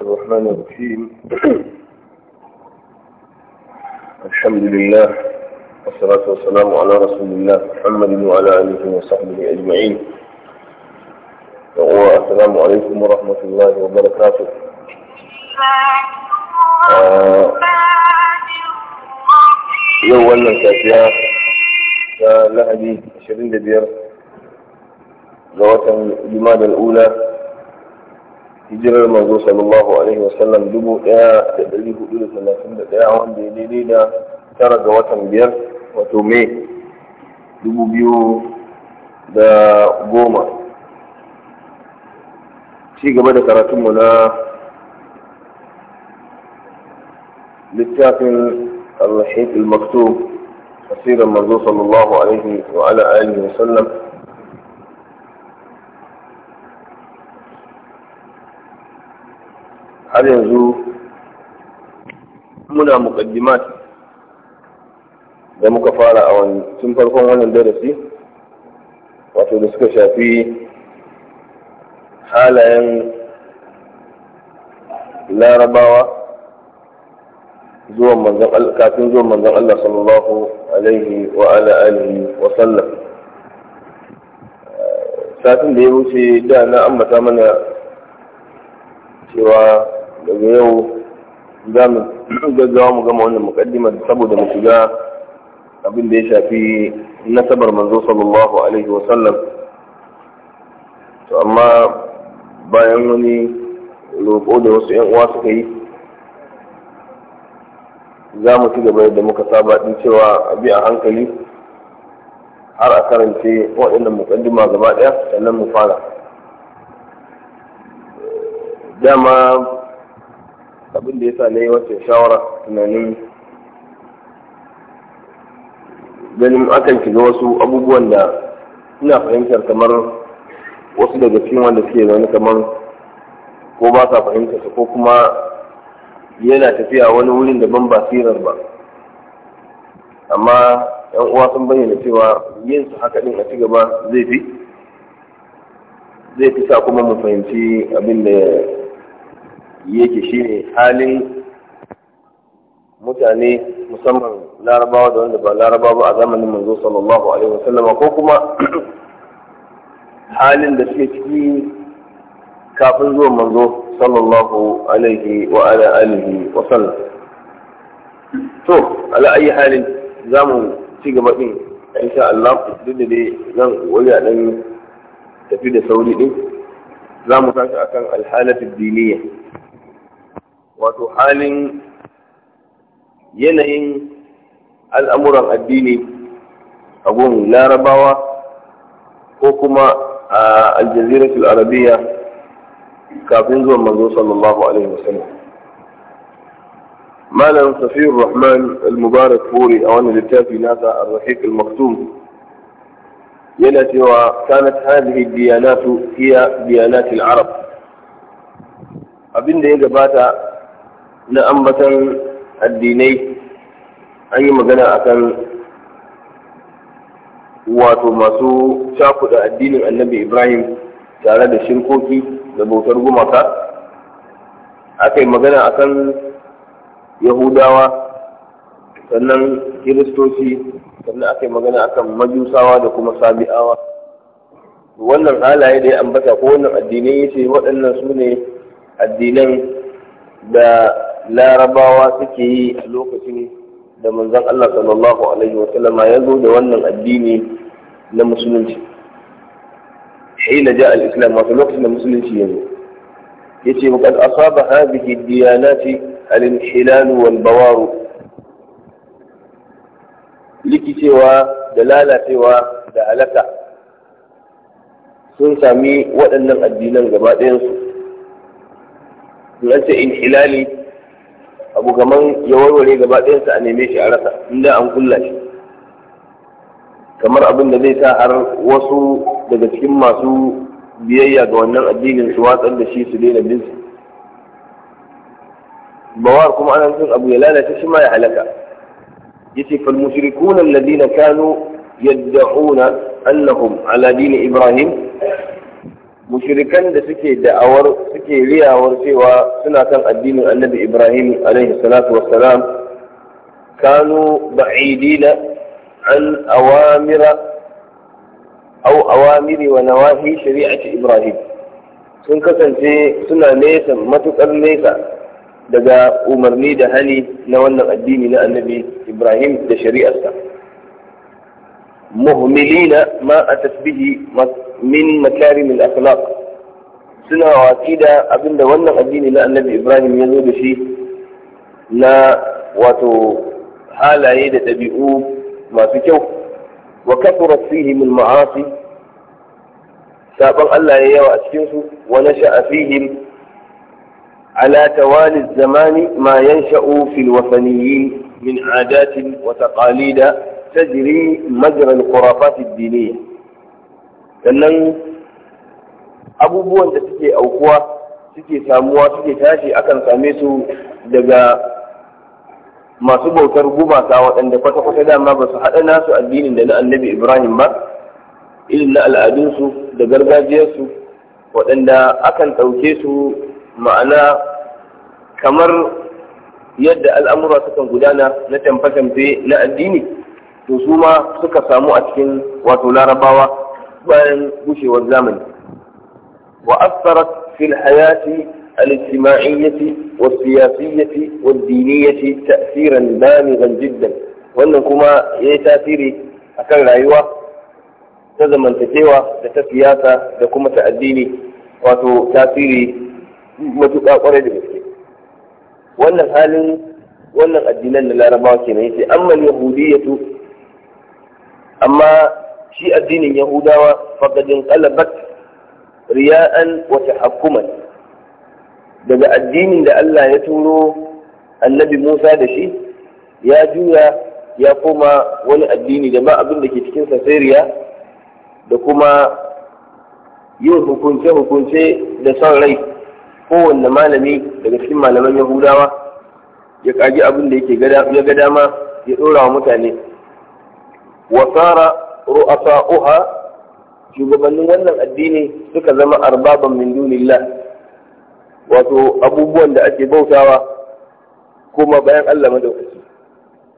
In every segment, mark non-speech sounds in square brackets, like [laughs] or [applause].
الرحمن الرحيم الحمد لله والصلاة والسلام على رسول الله محمد وعلى آله وصحبه أجمعين والسلام عليكم ورحمة الله وبركاته yau wannan safiya ta lahadi 25 ga watan juma'a da hijirar manzo sallallahu alaihi wasallam dubu ɗaya da dari hudu da talatin da ɗaya wanda ya daidai da tara ga watan biyar wato mai dubu biyu da goma ci gaba da karatunmu na littafin al-rahim al-maktub tafsirin manzo sallallahu alaihi wa ala alihi wa sallam har yanzu muna muƙaddimat da muka fara a tun farkon wannan darasi wato da suka shafi halayen larabawa zuwan Allah kafin zuwan manzan Allah sallallahu alaihi wa ala alihi wa sallam satin da ya wuce da na ambata mana cewa daga yau za mu gaggawa mu gama wannan mukaddimar saboda mu shiga abin da ya shafi nasabar manzo sallallahu alaihi wa sallam to amma bayan wani roƙo da wasu 'yan uwa suka yi za mu ci gaba da muka saba din cewa a bi a hankali har a karance waɗannan mukaddima gaba ɗaya sannan mu fara dama abin da ya sa na yi wata shawara tunanin ganin akan shiga wasu abubuwan da ina fahimtar kamar wasu daga cikin wanda suke zaune kamar ko ba sa fahimtar ko kuma yana tafiya wani wurin da ban basirar ba amma yan uwa sun bayyana cewa yin su haka din a ci gaba zai fi zai fi sa kuma mu fahimci abin da yake shi ne halin mutane musamman larabawa da wanda ba larabawa ba a zamanin manzo sallallahu alaihi sallama. ko kuma [clears throat] halin da suke ciki kafin zuwan manzo sallallahu alaihi wa ala alihi wa sallam to ala ayi halin za mu ci gaba din insha Allah duk da dai zan wuri a dan tafi da sauri din za mu tashi akan alhalatu diniya wato halin yanayin al'amuran addini a gun larabawa ko kuma a aljaziratul arabiya kafin zuwan manzo sallallahu alaihi wasallam malam safiyar rahman al-mubarak furi a wani littafi nasa ar-rahiq al-maktum yana cewa kanat hadhihi diyanatu hiya diyanatul arab abinda ya gabata na ambatan addinai an yi magana akan wato masu cakuɗa addinin annabi ibrahim tare da shirkoki da bautar gumaka aka yi magana akan yahudawa sannan kiristoci sannan aka yi magana akan majusawa da kuma sabi'awa wannan halaye da ya ambata ko wannan addinai ya ce waɗannan su ne addinan da larabawa suke yi a lokacin da manzon Allah sallallahu Alaihi wasallama ya zo da wannan addini na musulunci. Haina ja al-Islam wato lokacin da musulunci ya zo. Ya ce, "Bukad asaba hadhihi diyanati al-inhilalu wal bawaru." Likicewa da lalacewa da alaka sun sami waɗannan addinan gaba ɗayansu. ce in hilali abu gaman ya warware gaba ɗayansa a neme shi a rasa inda an kulla shi kamar abin da zai sa har wasu daga cikin masu biyayya ga wannan addinin su watsar da shi su daina bin su bawar kuma ana son abu ya lalata shi ma ya halaka yace fal mushrikuna alladhina kanu yad'una annahum ala dini ibrahim mushrikan da suke da'awar suke riyawar cewa suna kan addinin annabi ibrahim alaihi salatu wassalam kanu ba'idina an awamira aw awamiri wa nawahi shari'ati ibrahim sun kasance suna nesa matukar nesa daga umarni da hali na wannan addini na annabi ibrahim da shari'arsa muhmilina ma a tasbihi min makarim al-akhlaq suna watsi da abinda wannan addini na annabi ibrahim ya zo da shi na wato halaye da ɗabi'u masu kyau wa kathurat fihim al-ma'asi saban Allah ya yawa a cikin su wa nasha'a fihim ala tawali zamani ma yansha'u fil wasaniyin min 'adatin wa taqalida tajri majra al-khurafat ad-diniyah sannan abubuwan da suke aukuwa suke samuwa suke tashi akan same su daga masu bautar gumaka waɗanda kwata-kwata dama ba su haɗa nasu addinin da na annabi ibrahim ba irin na al'adunsu da gargajiyarsu waɗanda akan ɗauke su ma'ana kamar yadda al'amura sukan gudana na tamfe-tamfe na addini to su ma suka samu a cikin wato larabawa بين بوشي والزمن وأثرت في الحياة الاجتماعية والسياسية والدينية تأثيرا بامغا جدا وأنه يتأثير أكان العيوة تزم أن تتوى تتسياسة تكون متأديني وتتأثير ما تقاقر يدفك وأن الحال وأن الدينان لا رباكي نيسي أما اليهودية أما shi addinin yahudawa fagadin qalabat riya'an wa daga addinin da Allah ya turo annabi Musa da shi ya juya ya koma wani addini da ma abin da ke cikin sasariya da kuma yin hukunce-hukunce da son rai kowanne malami daga cikin malaman yahudawa ya kaji abin da ya ga dama ya ɗora wa mutane wasara ru'asa'uha shugabannin wannan addini suka zama arbaban min dunillah wato abubuwan da ake bautawa kuma bayan Allah madaukaki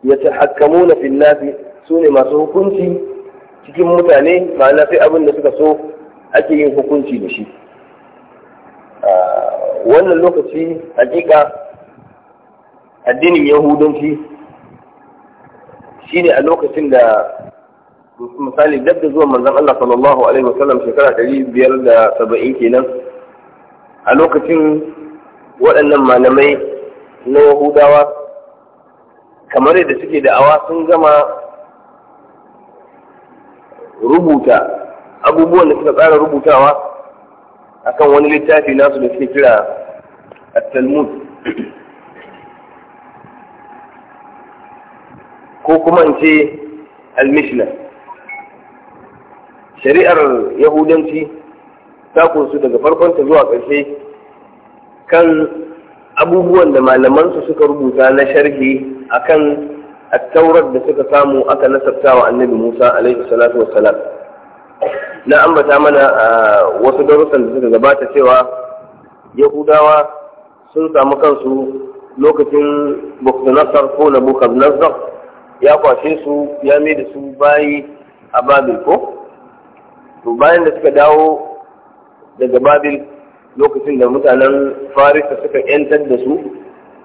ya tahakkamuna fil nasi sune masu hukunci cikin mutane ma'ana sai abin da suka so ake yin hukunci da shi wannan lokaci hakika addinin yahudanci shine a lokacin da misali duk da zuwan manzon Allah sallallahu alaihi wa sallam shekara ɗari biyar da saba'in kenan a lokacin waɗannan malamai na yahudawa kamar yadda suke da'awa sun gama rubuta abubuwan da suka tsara rubutawa akan wani littafi nasu da suke kira at-talmud ko kuma in ce al-mishnah shari'ar yahudanci ta kunsu daga farkon ta zuwa ƙarshe kan abubuwan da malamansu suka rubuta na sharhi akan taurat da suka samu aka wa annabi musa alaihi salatu wassalam na ambata mana a wasu darussan da suka gabata cewa yahudawa sun samu kansu lokacin bukhtanasar ko na bukhtanasar ya kwashe su ya mai da su bayi a babil ko to bayan da suka dawo daga babil lokacin da mutanen farisa suka yantar da su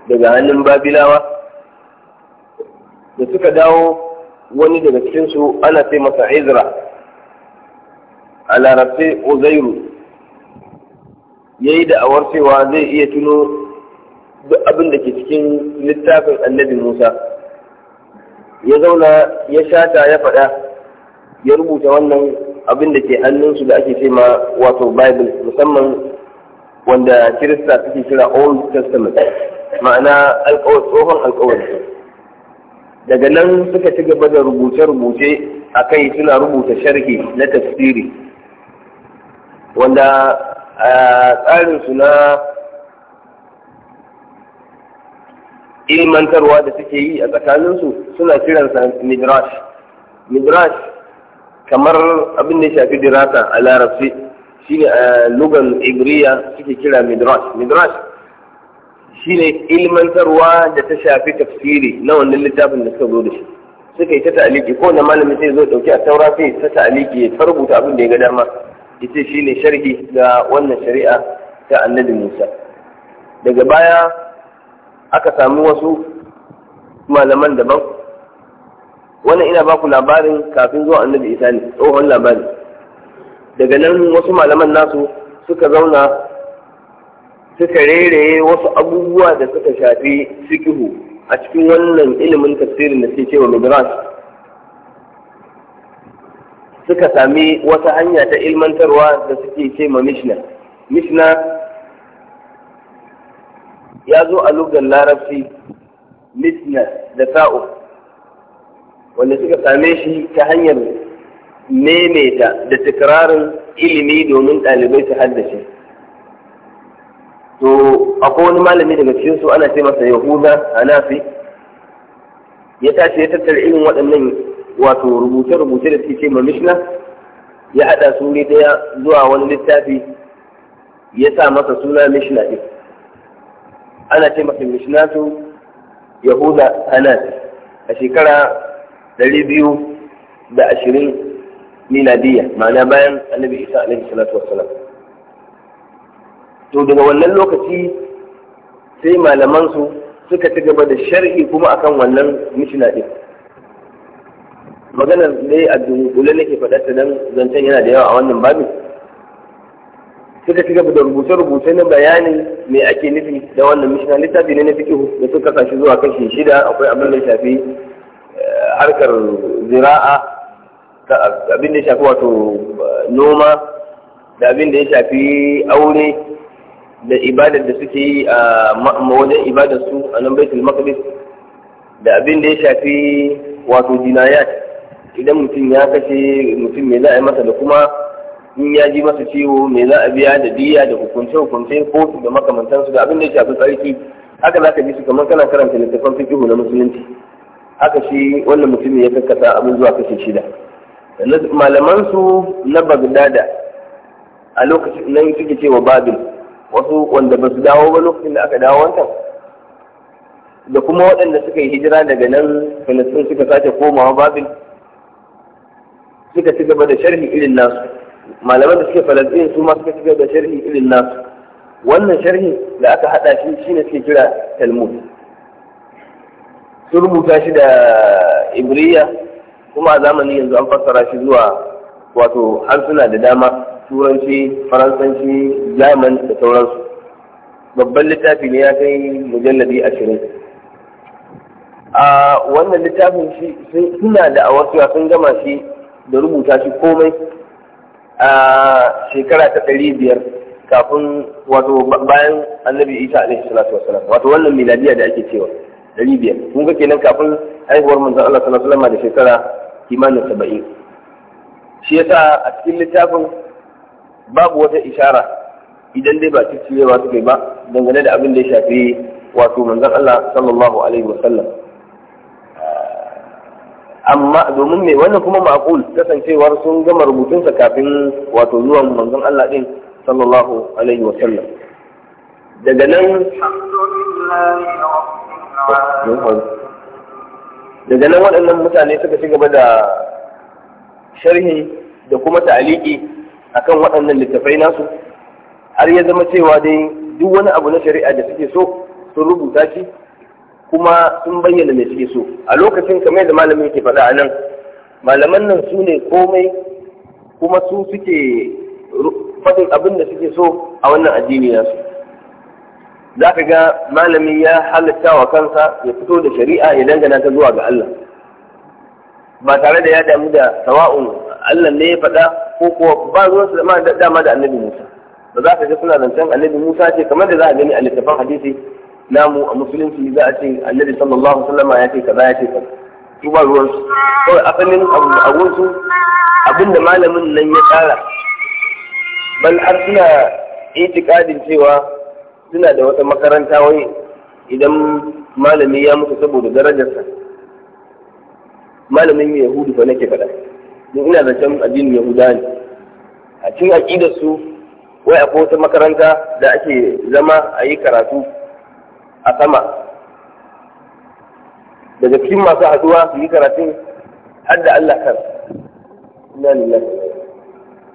daga hannun babilawa da suka dawo wani daga cikinsu ana sai masa izra a larabce uzairu ya yi da'awar cewa zai iya tuno duk abin da ke cikin littafin annabi musa ya zauna ya shata ya faɗa ya rubuta wannan abin da ke hannunsu da ake ce ma wato bible musamman wanda kirista suke kira old testament ma'ana tsohon alkawari daga nan suka ci gaba da rubuce-rubuce a kai suna rubuta sharhi na tafsiri wanda a tsarinsu na ilmantarwa da suke yi a tsakaninsu suna kiransa midrash midrash kamar abin da ya shafi dirasa a larabci ne a eh, lugan ibriya suke kira midrash midrash shi ne ilmantarwa da ta shafi tafsiri na wannan littafin da suka zo da shi suka yi ta ta'aliki ko na malami sai zo dauki a taura sai ta ta'aliki ya rubuta abin da ya ga dama ita ne sharhi ga wannan shari'a ta annabi Musa daga baya aka samu wasu malaman daban wannan ina baku labarin kafin zuwa annabi isa ne tsohon labari daga nan wasu malaman nasu suka zauna suka rereye wasu abubuwa da suka shafi fikihu a cikin wannan ilimin tafsirin da ke cewa midrash suka sami wata hanya ta ilmantarwa da suke ce ma mishna mishna ya zo a lugar larabci mishna da sa'o wanda suka same shi ta hanyar maimaita da tikirarin ilimi domin ɗalibai su haddace to akwai wani malami daga cikin su ana ce masa yahuda hanafi ya tashi ya tattara irin waɗannan wato rubuce-rubuce da suke ma mishna ya haɗa su ne ɗaya zuwa wani littafi ya sa masa suna mishna ɗin ana ce masa mishnatu yahuda hanafi a shekara ɗari biyu da ashirin miladiyya ma'ana bayan annabi isa alaihi salatu wassalam to daga wannan lokaci sai malamansu suka ci gaba da sharhi kuma akan wannan mishina din maganar dai a dunkule nake ta don zancen yana da yawa a wannan babin suka ci gaba da rubuce-rubuce na bayani me ake nufi da wannan mishina littafi ne na fikihu da suka kashi zuwa kashi shida akwai abin da shafi harkar zira'a abin da ya shafi wato eh, noma da abin da ya shafi aure da ibadar da suke yi a wajen ibadar su a nan baitul maqdis da abin da ya shafi wato jinayat idan mutum ya kashe mutum me za a yi masa da kuma in ya ji masa ciwo me za a biya da diya da hukunce hukunce ko da makamantansu da abin da ya shafi tsarki haka za ka ji su kamar kana karanta littattafan fikihu na musulunci haka shi wannan mutumin ya kakkasa abin zuwa kashe shida malaman su na bagdada a lokacin nan suke cewa babil wasu wanda ba su dawo ba lokacin da aka dawo wancan da kuma waɗanda suka yi hijira daga nan filistin suka sake komawa babil suka ci gaba da sharhi irin nasu malaman da suke falazin su ma suka ci gaba da sharhi irin nasu wannan sharhi da aka haɗa shi shine suke kira talmud sun rubuta shi da ibriya kuma a zamani yanzu an fassara shi zuwa wato harsuna da dama turanci faransanci jaman da sauransu babban littafi ne ya kai mujalladi ashirin a wannan littafin shi suna da a wasu sun gama shi da rubuta shi komai a shekara ta ɗari biyar kafin wato bayan annabi isa alaihi salatu wasalam wato wannan miladiya da ake cewa ɗari biyar kun ga kenan kafin haihuwar manzon Allah sallallahu alaihi wasallam da shekara kimanin saba'in shi yasa a cikin littafin babu wata ishara idan dai ba ciccirewa suka yi ba dangane da abin da ya shafi wato manzon Allah sallallahu alaihi wasallam amma domin me wannan kuma ma'qul kasancewar sun gama rubutunsa kafin wato zuwan manzon Allah din sallallahu alaihi wasallam daga nan alhamdulillahi daga nan waɗannan mutane suka ci gaba da sharhi da kuma ta'aliki akan waɗannan littafai nasu har ya zama cewa dai duk wani abu na shari'a da suke so sun rubuta shi kuma sun bayyana mai suke so a lokacin kamar da malamin ke faɗa a nan malaman nan su ne komai kuma su suke faɗin abin da suke so a wannan addini nasu za ka ga malami ya halatta wa kansa ya fito da shari'a ya dangana ta zuwa ga Allah ba tare da ya damu da sawa'un Allah ne ya faɗa ko kuwa ba zuwa su da dama da annabi Musa ba za ka ga suna zancen annabi Musa ce kamar da za a gani a littafin hadisi namu a musulunci za a ce annabi sallallahu alaihi ya ce kaza ya ce kaza su ba ruwan su kawai asalin abun su abinda malamin nan ya tsara bal har suna itikadin cewa suna da wata makaranta wai idan malami ya mutu saboda darajarsa malamin yahudu fa nake faɗa don ina da can addinin yahuda ne a cikin aƙidar su wai akwai wata makaranta da ake zama a yi karatu a sama daga cikin masu haɗuwa su yi karatun har da Allah kan ina lillahi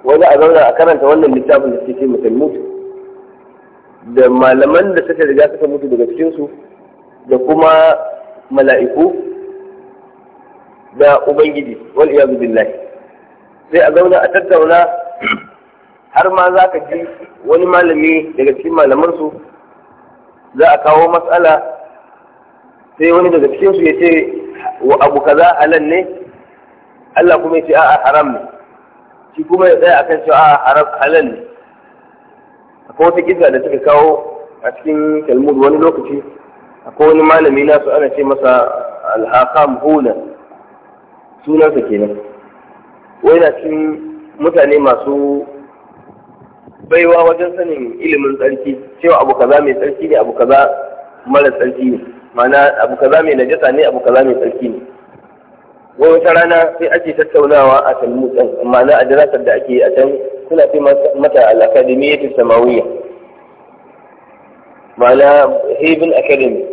wani a zauna a karanta wannan littafin da suke mutum mutu da malaman da suka riga suka mutu daga cikinsu da kuma mala'iku da ubangiji wal iyazu billahi sai a zauna a tattauna har ma za ka ji wani malami daga cikin malamansu za a kawo matsala sai wani daga cikinsu ya ce wa abu kaza halal ne Allah kuma ya ce a'a haram ne shi kuma ya tsaya akan cewa a'a haram halal ne ko wata kisa da suka kawo a cikin talmud wani lokaci akwai wani malami nasu ana ce masa alhakam hula sunansa kenan wai na cikin mutane masu baiwa wajen sanin ilimin tsarki cewa abu kaza mai tsarki ne abu kaza mara tsarki ne ma'ana abu kaza mai najasa ne abu kaza mai tsarki ne wata rana sai ake tattaunawa a can din amma na a darasar da ake a can suna fi mata al ta samawiyya ma'ana haven academy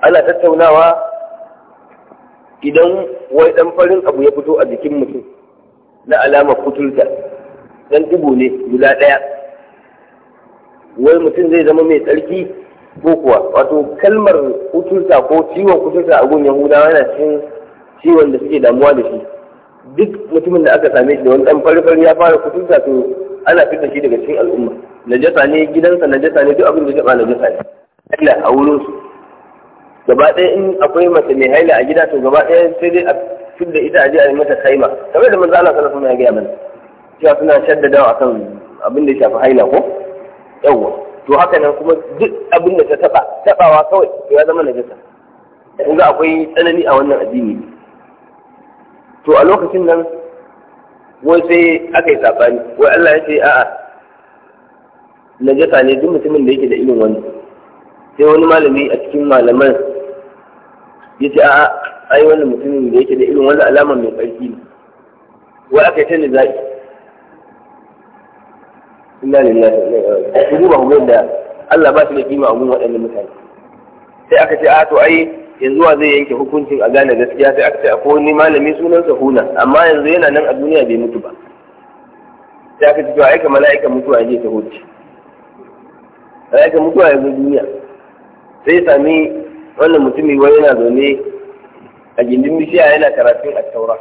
ana tattaunawa idan wai dan farin abu ya fito a jikin mutum na alamar kutulta dan dubu ne guda daya wai mutum zai zama mai tsarki ko kuwa wato kalmar kuturta ko ciwon kuturta a gun yahudawa yana cikin ciwon da suke damuwa da shi duk mutumin da aka same shi da wani dan farfari ya fara kuturta to ana fitar shi daga cikin al'umma najasa ne gidansa najasa ne duk abin da jaba najasa ne haila a wurin su gaba ɗaya in akwai mace mai haila a gida to gaba ɗaya sai dai a da ita a je a yi mata kaima kamar da manzo Allah sallallahu alaihi wasallam ya gaya mana cewa suna shaddadawa akan abin da ya shafi haila ko yawwa to haka nan kuma duk abin da ta taba tabawa kawai ya zama najasa kun ga akwai tsanani a wannan addini to a lokacin nan wai sai aka yi saɓani wai Allah ya ce a'a najasa ne duk mutumin da yake da ilimin wani sai wani malami a cikin malaman ya ce a'a ai wani mutumin da yake da ilimin wani alama mai ƙarfi ne wai aka yi ta nizai inna lillahi wa inna ilaihi raji'un ku duba ku da Allah ba shi da kima a gun waɗannan mutane sai aka ce a to ai yanzu wa zai yanke hukuncin a gane gaskiya sai aka ce ko ni malami sunansa huna amma yanzu yana nan a duniya bai mutu ba sai aka ce to aika mala'ika mutuwa je ta huce mala'ika mutuwa ya zo duniya sai sami wannan mutumi wani yana zaune a gindin bishiya yana karatun a taura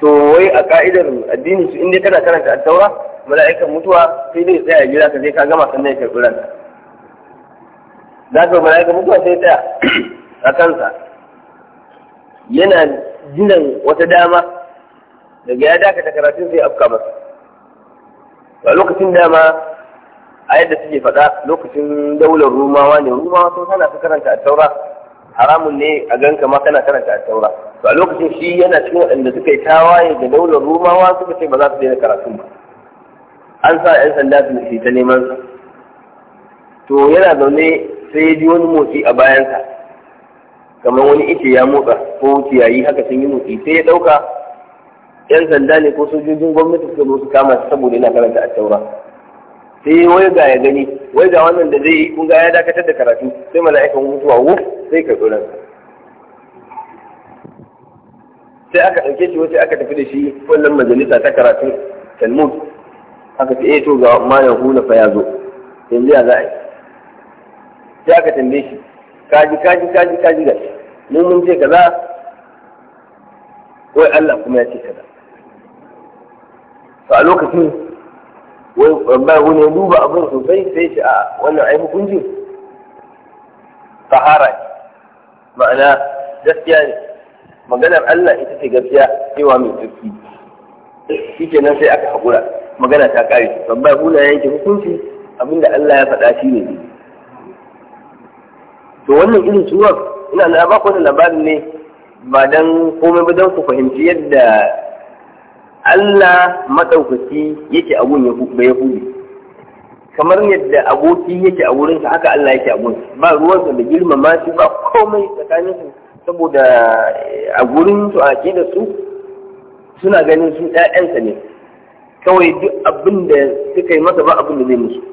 to wai a ka'idar addini su inda kana karanta a taura mala'ikan mutuwa sai dai tsaya gida ka sai ka gama sannan ya karɓi ranta za ka ga mutuwa sai tsaya a kansa yana jinan wata dama daga ya dakata karatun sai afka masa a lokacin dama a yadda suke faɗa lokacin daular rumawa ne rumawa sun hana ka karanta a taura haramun ne a ganka ma kana karanta a taura to a lokacin shi yana cikin waɗanda suka yi tawaye da daular rumawa suka ce ba za su daina karatun ba an sa 'yan sanda su ta neman to yana zaune sai ya ji wani motsi a bayansa kamar wani ice ya motsa ko ciyayi haka sun yi motsi sai ya ɗauka yan sanda ne ko sojojin gwamnati suka zo su kama shi saboda yana karanta a taura sai wai ga ya gani wai ga wannan da zai yi kun ga ya dakatar da karatu sai mala'ikan mutuwa wuf sai ka tsoron sai aka ɗauke shi wace aka tafi da shi wannan majalisa ta karatu talmud aka ce eh to ga ma yahu na fa ya zo yanzu ya za a yi sai aka tambaye shi kaji kaji kaji kaji ga mu mun ce kaza wai Allah kuma ya ce kaza to a lokacin wai wani ya duba abin sosai sai shi a wannan ai hukunci tahara ma'ana gaskiya ne maganar Allah ita ce gaskiya cewa mai tsarki shi nan sai aka haƙura magana ta ƙare babbar hula yanke hukunci abinda Allah ya faɗa shi ne to wannan irin suwar, ina na ba ku wannan labarin ne ba dan komai ba dan ku fahimci yadda Allah madaukaki yake a gun ya hudu kamar yadda aboki yake a wurin sa haka Allah yake a wurin ba ruwansa da girmama shi ba komai su saboda eh, a wurin su a da su suna ganin su ɗayan sa ne kawai duk abin da suka yi masa ba abin da zai musu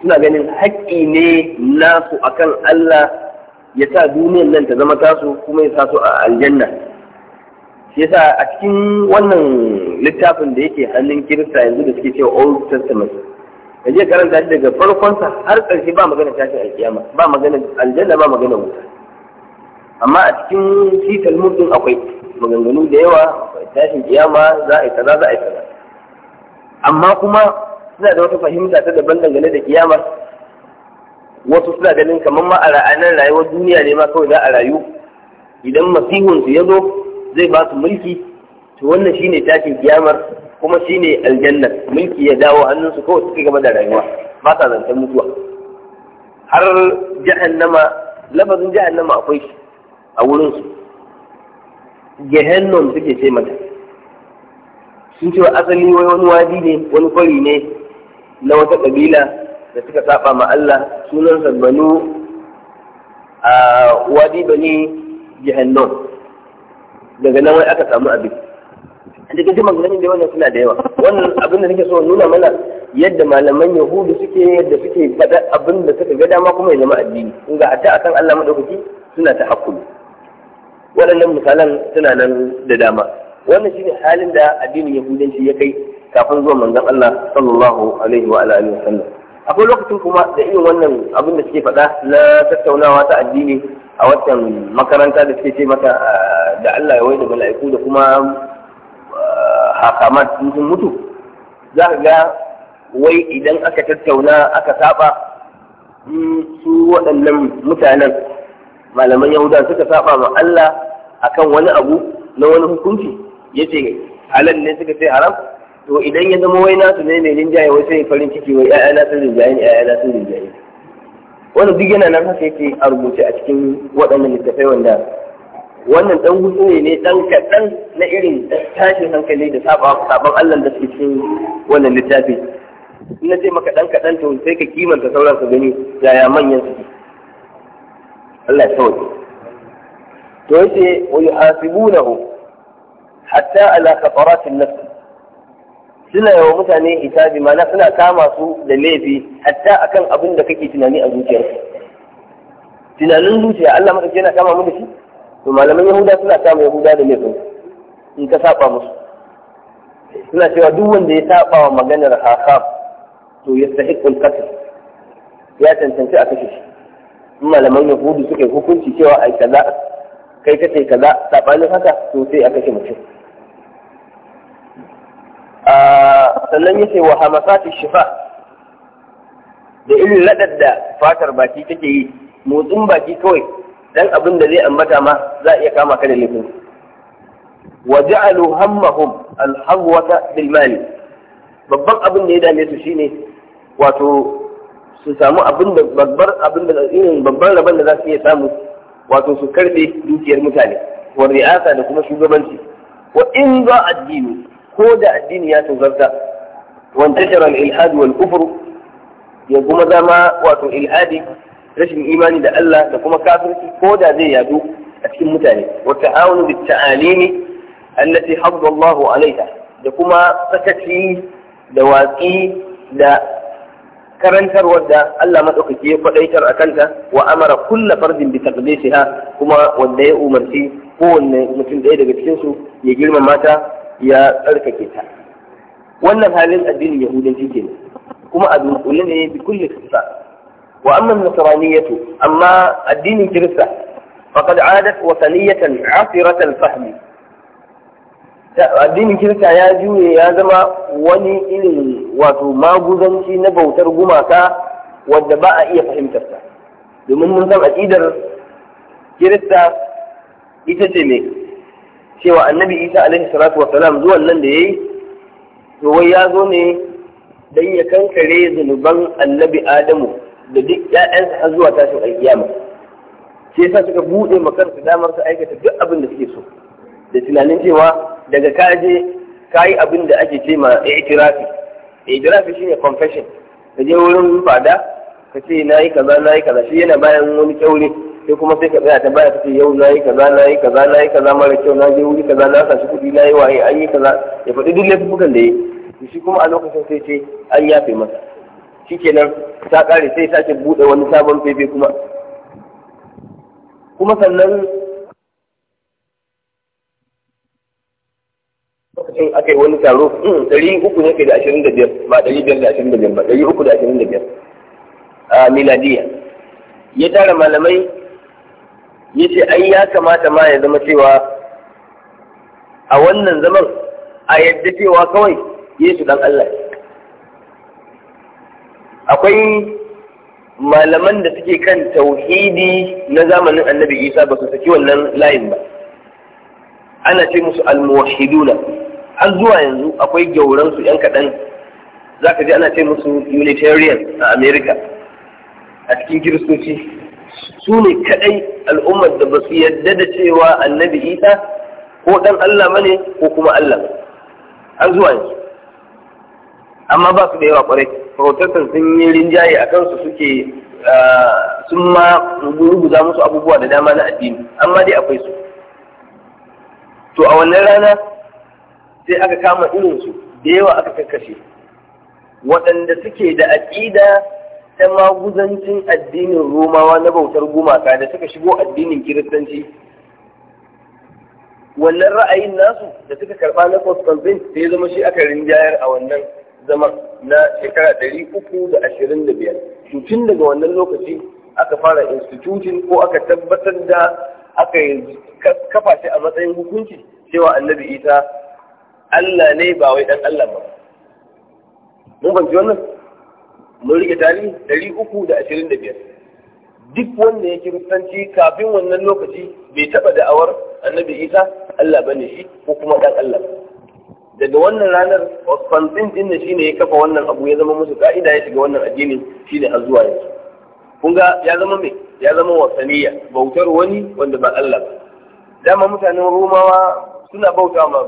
suna ganin haƙƙi ne nasu akan Allah ya sa duniyar nan ta zama tasu kuma ya sa su a aljanna shi yasa a cikin wannan littafin da yake hannun kirista yanzu da suke cewa old testament ka je karanta shi daga farkonsa har ƙarshe ba magana tashin alƙiyama, ba magana aljanna ba magana wuta amma a cikin shi talmud akwai maganganu da yawa tashin kiyama za a yi kaza za a yi kaza amma kuma suna da wata fahimta ta daban dangane da kiyama wasu suna ganin kamar ma a ra'anar rayuwar duniya ne ma kawai za a rayu idan masihunsu ya zo zai ba su mulki to wannan shine tashin kiyamar kuma shine aljanna mulki ya dawo hannunsu kawai suka gaba da rayuwa ba sa zancen mutuwa har jahannama lafazin jahannama akwai shi a wurinsu gehennon suke ce mata sun ce asali wai wani wadi ne wani kwari ne na wata kabila da suka saba ma Allah sunansa banu a wadi bani jahannam daga nan aka samu abin a cikin maganganun da wannan suna da yawa wannan abin da nake so nuna mana yadda malaman yahudu suke yadda suke faɗa abin da suka ga dama kuma ya zama addini kun ga ta akan Allah madaukaki suna ta hakuri waɗannan misalan suna nan da dama wannan shine halin da addinin yahudanci ya kai kafin zuwa manzon Allah sallallahu alaihi wa alihi wasallam akwai lokacin kuma da irin wannan abin da suke faɗa na tattaunawa ta addini a watan makaranta da suke ce mata ah, da Allah ya da mala'iku da kuma ah, hakamat sun mutu za ka ga wai idan aka tattauna aka saba mm, su waɗannan mutanen malaman yahuda suka saba ma Allah akan wani abu na wani hukunci yace halal ne suka ce haram to idan ya zama wai nasu ne mai rinjaye wai sai farin ciki wai ƴaƴa na sun rinjaye ne ƴaƴa na sun rinjaye wannan duk yana nan haka yake a rubuce a cikin waɗannan littattafai wanda wannan dan hutu ne ɗan kaɗan na irin tashin hankali da sabon Allah da suke cikin wannan littafi in na ce maka ɗan kaɗan to sai ka kimanta sauran su gani yaya manyan su Allah ya sauke to yace wa yuhasibunahu hatta ala qatarat an-nafs suna yawa mutane hisabi mana suna kama su da laifi hatta akan abin da kake tunani a zuciyarsu. tunanin zuciya Allah maka yana kama mu da shi to malaman yahuda suna kama yahuda da laifin in ka saba musu suna cewa duk wanda ya saba wa maganar haka to ya sahiqul qatl ya tantance a kashe shi malaman yahudu suka yi hukunci cewa ai kaza kai kace kaza sabanin haka to sai a kashe mutum sannan yake wa hamasati shifa da irin ladar da fatar baki take yi motsin baki kawai dan abin da zai ambata ma za iya kama ka da laifin wa ja'alu hammahum al-hawwata bil mali babban abin da ya dame su shine wato su samu abin da babbar abin da irin babban rabon da za su iya samu wato su karbe dukiyar mutane wa ri'asa da kuma shugabanci wa in za addini ko da addini ya tozarta wantashara al wal kufr ya kuma zama wato ilhadi rashin imani da Allah da kuma kafirci ko da zai yadu a cikin mutane wa ta'awunu bit ta'alimi allati hadda Allahu alaiha da kuma sakaci da watsi da karantarwar da Allah madaukaki ya kwadaitar a kanta wa amara kulla fardin bi taqdisiha kuma wanda ya umarci kowanne mutum ɗaya daga cikin su ya girmama mata ya tsarkake ta wannan halin addinin yahudanci ke kuma a dunkule ne bi kulli kisa wa amma nasraniyatu amma addinin kirista faqad adat wataniyatan asirat al-fahm addinin kirista ya juye ya zama wani irin wato maguzanci na bautar gumaka wadda ba a iya fahimtar ta domin mun san aqidar kirista ita ce mai cewa annabi isa alaihi salatu wasalam zuwan nan da ya yi to wai ya zo ne don ya kankare zunuban annabi adamu da duk ‘ya'yansa har zuwa tashin alkiyama sai yasa suka buɗe su damar su aikata duk abin da suke so da tunanin cewa daga ka je ka yi abin da ake ce ma i'tirafi i'tirafi shine confession kaje je wurin fada ka ce na yi kaza na yi kaza shi yana bayan wani kyaure sai kuma sai ka tsaya ta baya ta ce yau na yi kaza na yi kaza na yi kaza mara kyau na je wuri kaza na sashi kuɗi na yi waye an yi kaza ya faɗi duk laifukan da ya yi shi kuma a lokacin sai ce an yafe masa shi shikenan ta ƙare sai sake buɗe wani sabon fefe kuma kuma sannan lokacin aka yi wani taro hmm, ɗari uku ne ke da ashirin da biyar ba ɗari biyar da ashirin da biyar ba ɗari uku da ashirin da biyar a miladiya ya tara malamai ya ce ai ya kamata ma ya zama cewa a wannan zaman a yadda cewa kawai yesu dan Allah akwai malaman da suke kan tauhidi na zamanin annabi isa ba su saki wannan layin ba ana ce musu almuwahiduna har zuwa yanzu akwai gyauransu yan kaɗan za ka ji ana ce musu unitarian a america a cikin kiristoci su ne kadai al'ummar da ba su yadda da cewa annabi isa ko dan allah ne ko kuma allah an zuwa yanzu amma ba su da yawa kwarai protestant sun yi rinjaye a kansu suke sun ma musu abubuwa da dama na addini amma dai akwai su to a wannan rana sai aka kama irinsu da yawa aka kakkashe waɗanda suke da aƙida Yan maguzancin addinin romawa na bautar gumaka da suka shigo addinin kiristanci wannan ra'ayin nasu da suka karɓa na constantine sai ya zama shi aka rinjayar a wannan zaman na shekara ɗari uku da ashirin da biyar tun daga wannan lokaci aka fara institutin ko aka tabbatar da aka kafa shi a matsayin hukunci cewa annabi ita Allah ne ba wai dan Allah ba mun fahimci wannan mun rike tarihi ɗari uku da ashirin da biyar duk wanda ya kiristanci kafin wannan lokaci bai taɓa da'awar annabi isa allah bane shi ko kuma ɗan allah daga wannan ranar Constantine din shi ne ya kafa wannan abu ya zama musu ka'ida ya shiga wannan addini shi ne har zuwa yanzu kun ga ya zama me ya zama wasaniya bautar wani wanda ba allah ba dama mutanen romawa suna bauta ma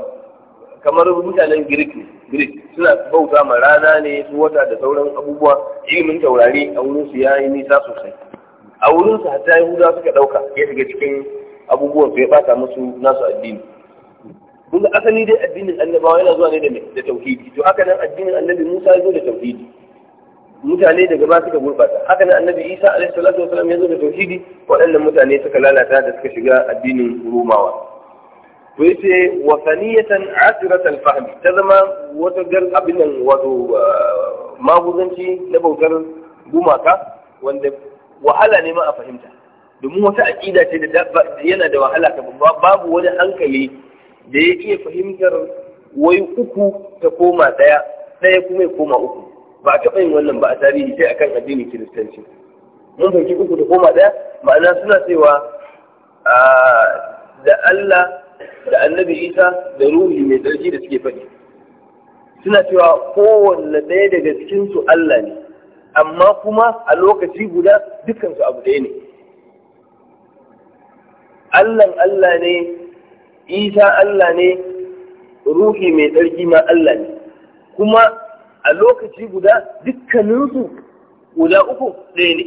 kamar mutanen girki girki suna bauta ma rana ne su wata da sauran abubuwa ilimin taurari a wurin su yayi nisa sosai a wurin su hatta Yahuda suka dauka ya shiga cikin abubuwan su ya bata musu nasu addini kun asali dai addinin annabawa yana zuwa ne da da tauhidi to haka nan addinin annabi Musa ya zo da tauhidi mutane daga ba suka gurbata haka nan annabi Isa alaihi salatu wasallam ya zo da tauhidi waɗannan mutane suka lalata da suka shiga addinin Romawa to yace wa saniyatan asiratan al ta zama wata gar abin nan wato ah, maguzanci na bautar gumaka wanda wahala ne ma a fahimta domin wata aƙida ce da yana da wahala ka babu wani hankali da ya iya fahimtar wai uku ta koma daya ɗaya kuma ya koma uku ba a taɓa yin wannan ba a tarihi sai akan addinin kiristanci mun fahimci uku ta koma ɗaya ma'ana suna cewa ah, da Allah da annabi isa da ruhi mai tsarki da suke faɗi suna cewa kowanne ɗaya daga cikinsu Allah ne amma kuma a lokaci guda dukkansu abu ɗaya ne Allahn Allah ne isa Allah ne ruhi mai tsarki ma Allah ne kuma a lokaci guda dukkaninsu guda uku ɗaya ne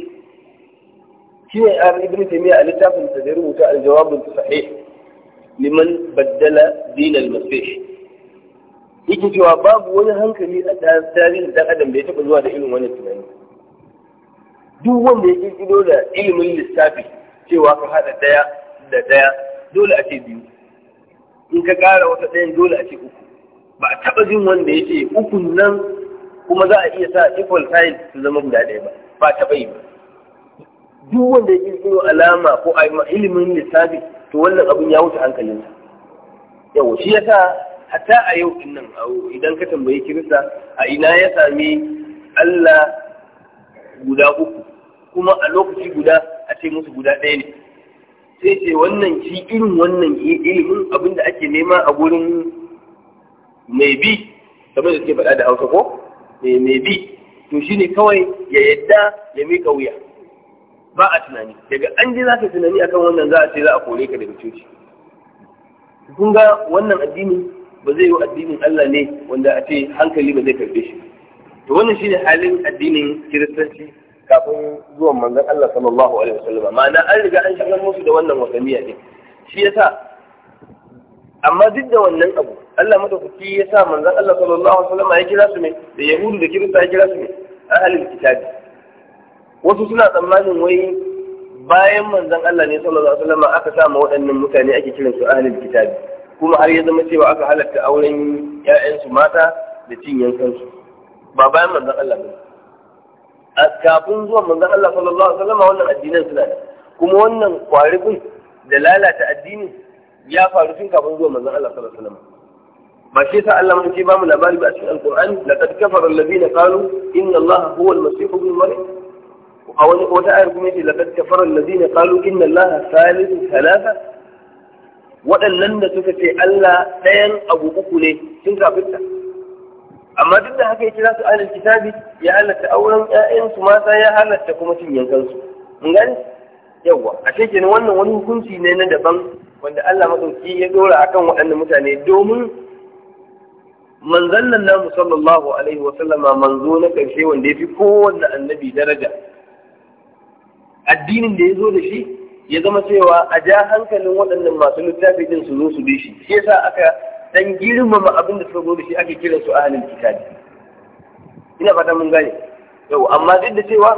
shi ne ibn taimiyya a littafin da rubuta al-jawabul sahih liman baddala dinal masih yake cewa babu wani hankali a tarihin dan adam da ya taɓa zuwa da irin wannan tunani duk wanda ya kirkiro da ilimin lissafi cewa ka haɗa ɗaya da ɗaya dole a ce biyu in ka ƙara wata ɗayan dole a ce uku ba a taɓa jin wanda ya ce ukun nan kuma za a iya sa equal sign su zama guda ɗaya ba ba taɓa yi ba duk wanda ya kirkiro alama ko ilimin lissafi to wannan abin ya wuce hankalinsa yau shi yasa hatta a yau din nan idan ka tambayi kirista a ina ya sami Allah guda uku kuma a lokaci guda a ce musu guda ɗaya ne sai ce wannan shi irin wannan ilimin abin da ake nema a gurin mai bi kamar da suke faɗa da hausa ko mai bi to shine kawai ya yadda ya miƙa wuya ba a tunani daga an ji za ka tunani akan wannan za a ce za a kore ka daga coci kun ga wannan addini ba zai yi addinin Allah ne wanda a ce hankali ba zai karbe shi to wannan shine halin addinin kiristanci kafin zuwan manzon Allah sallallahu alaihi wasallam ma'ana an riga an shigar musu da wannan wasaniya ne shi yasa amma duk da wannan abu Allah madaukaki ya sa manzon Allah sallallahu alaihi wasallam ya kira su ne da yahudu da kirista ya kira su ne ahlul kitabi wasu suna tsammanin wai bayan manzon Allah ne sallallahu alaihi wasallam aka sa ma waɗannan mutane ake kiran su ahlul kitabi kuma har ya zama cewa aka halatta auren ƴaƴansu mata da cin kansu ba bayan manzon Allah ba a kafin zuwan manzon Allah sallallahu alaihi wasallam wannan addinin suna da kuma wannan kwarifin da lalata addini ya faru tun kafin zuwan manzon Allah sallallahu alaihi wasallam ba shi yasa Allah mun ce ba mu labari ba a cikin Al-Qur'ani laqad kafara alladhina qalu inna Allah huwa al-masih ibn Maryam a wani wata ayar kuma yake laqad kafara alladhina qalu inna allaha salisu thalatha waɗannan da suka ce Allah ɗayan abu uku ne sun kafirta amma duk da haka ya kira su ahlul kitabi ya halatta auren ƴaƴansu mata ya halatta kuma cin yankansu mun gani yawa a kenan wannan wani hukunci ne na daban wanda Allah madauki ya dora akan waɗannan mutane domin manzon nan namu sallallahu alaihi wa sallama manzo na ƙarshe wanda ya fi kowanne annabi daraja addinin da ya zo da shi ya zama cewa a ja hankalin waɗannan masu littafi din su zo su bi shi shi yasa aka dan girmama abin da suka zo da shi ake kiran su ahlul kitabi ina fata mun gane yau amma duk da cewa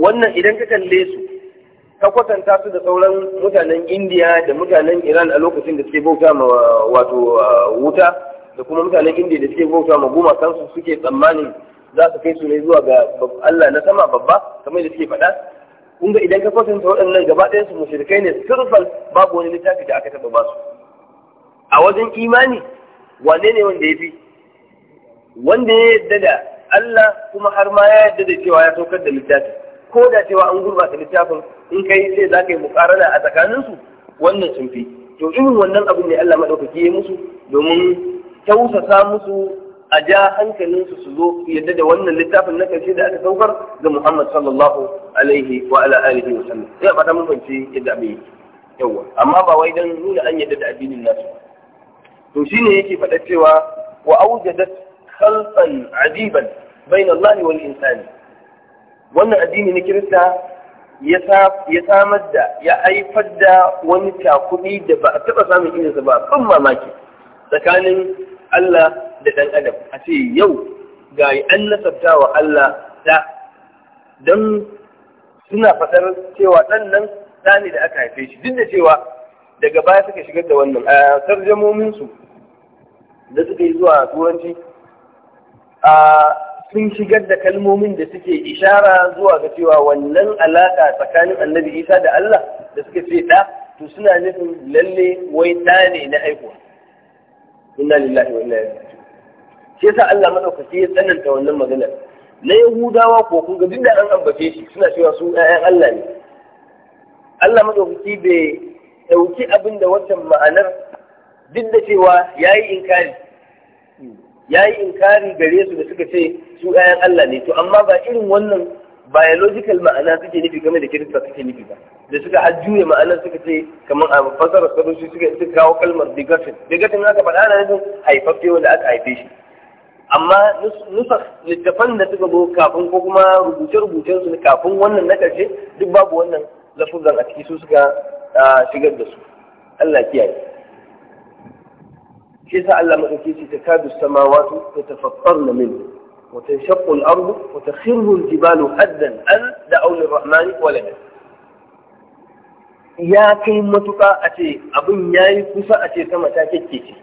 wannan idan ka kalle su ka kwatanta su da sauran mutanen indiya da mutanen iran a lokacin da suke bauta ma wato uh, wuta da kuma mutanen indiya da suke bauta ma gumakansu suke tsammanin za su kai su ne zuwa ga Allah na sama babba kamar da suke faɗa kun ga idan ka kwatanta waɗannan gaba ɗayan su mushrikai ne sirfan babu wani littafi da aka taɓa basu a wajen imani wane ne wanda ya fi wanda ya yadda da Allah kuma har ma ya yadda da cewa ya saukar da littafi ko da cewa an gurbata littafin in kai sai za ka yi mukarana a tsakaninsu wannan sun fi to irin wannan abin ne Allah maɗaukaki ya musu domin tausasa musu a ja hankalinsu su zo yadda da wannan littafin na karshe da aka saukar ga Muhammad sallallahu alaihi wa ala alihi wa sallam sai fata mun fahimci yadda abin yake yawa amma ba wai dan nuna an yadda da addinin nasu to shine yake faɗa cewa wa awjadat khalqan ajiban bayna Allah wal insani wannan addini na Kirista ya samar da ya aifar da wani takumi da ba a taɓa samun irinsa ba ban mamaki tsakanin Allah da ɗan adam a ce yau ga yi an nasabta wa Allah da don suna fatar cewa ɗan nan ɗa ne da aka haife shi duk da cewa daga baya suka shigar da wannan a tarjamominsu da suka yi zuwa turanci a sun shigar da kalmomin da suke ishara zuwa ga cewa wannan alaƙa tsakanin annabi isa da Allah da suka ce ɗa to suna nufin lalle wai ɗa ne na haihuwa inna lillahi wa inna ilaihi shi yasa Allah madaukaki ya tsananta wannan magana na Yahudawa ko kun ga duk da an ambace shi suna cewa su ƴaƴan Allah ne Allah madaukaki bai dauki abin da wannan ma'anar duk cewa yayi inkari yayi inkari gare su da suka ce su ƴaƴan Allah ne to amma ba irin wannan biological ma'ana suke nufi game da kirista suke nufi ba da suka hajjuye ma'ana suka ce kamar a fasarar sadoshi suka kawo kalmar digatin digatin aka faɗa ana nufin haifaffe wanda aka haife shi amma nusa littafan da suka zo kafin ko kuma rubuce-rubucen su kafin wannan na karshe duk babu wannan lafuzan a ciki su suka shigar da su Allah kiyaye shi sa Allah madauki shi ta kadu samawatu ta tafattar na min wa ta shaqqu al-ardu wa ta khirru al-jibalu haddan an da lir-rahmani walada ya kai matuka a ce abin yayi kusa a ce sama ta kekkece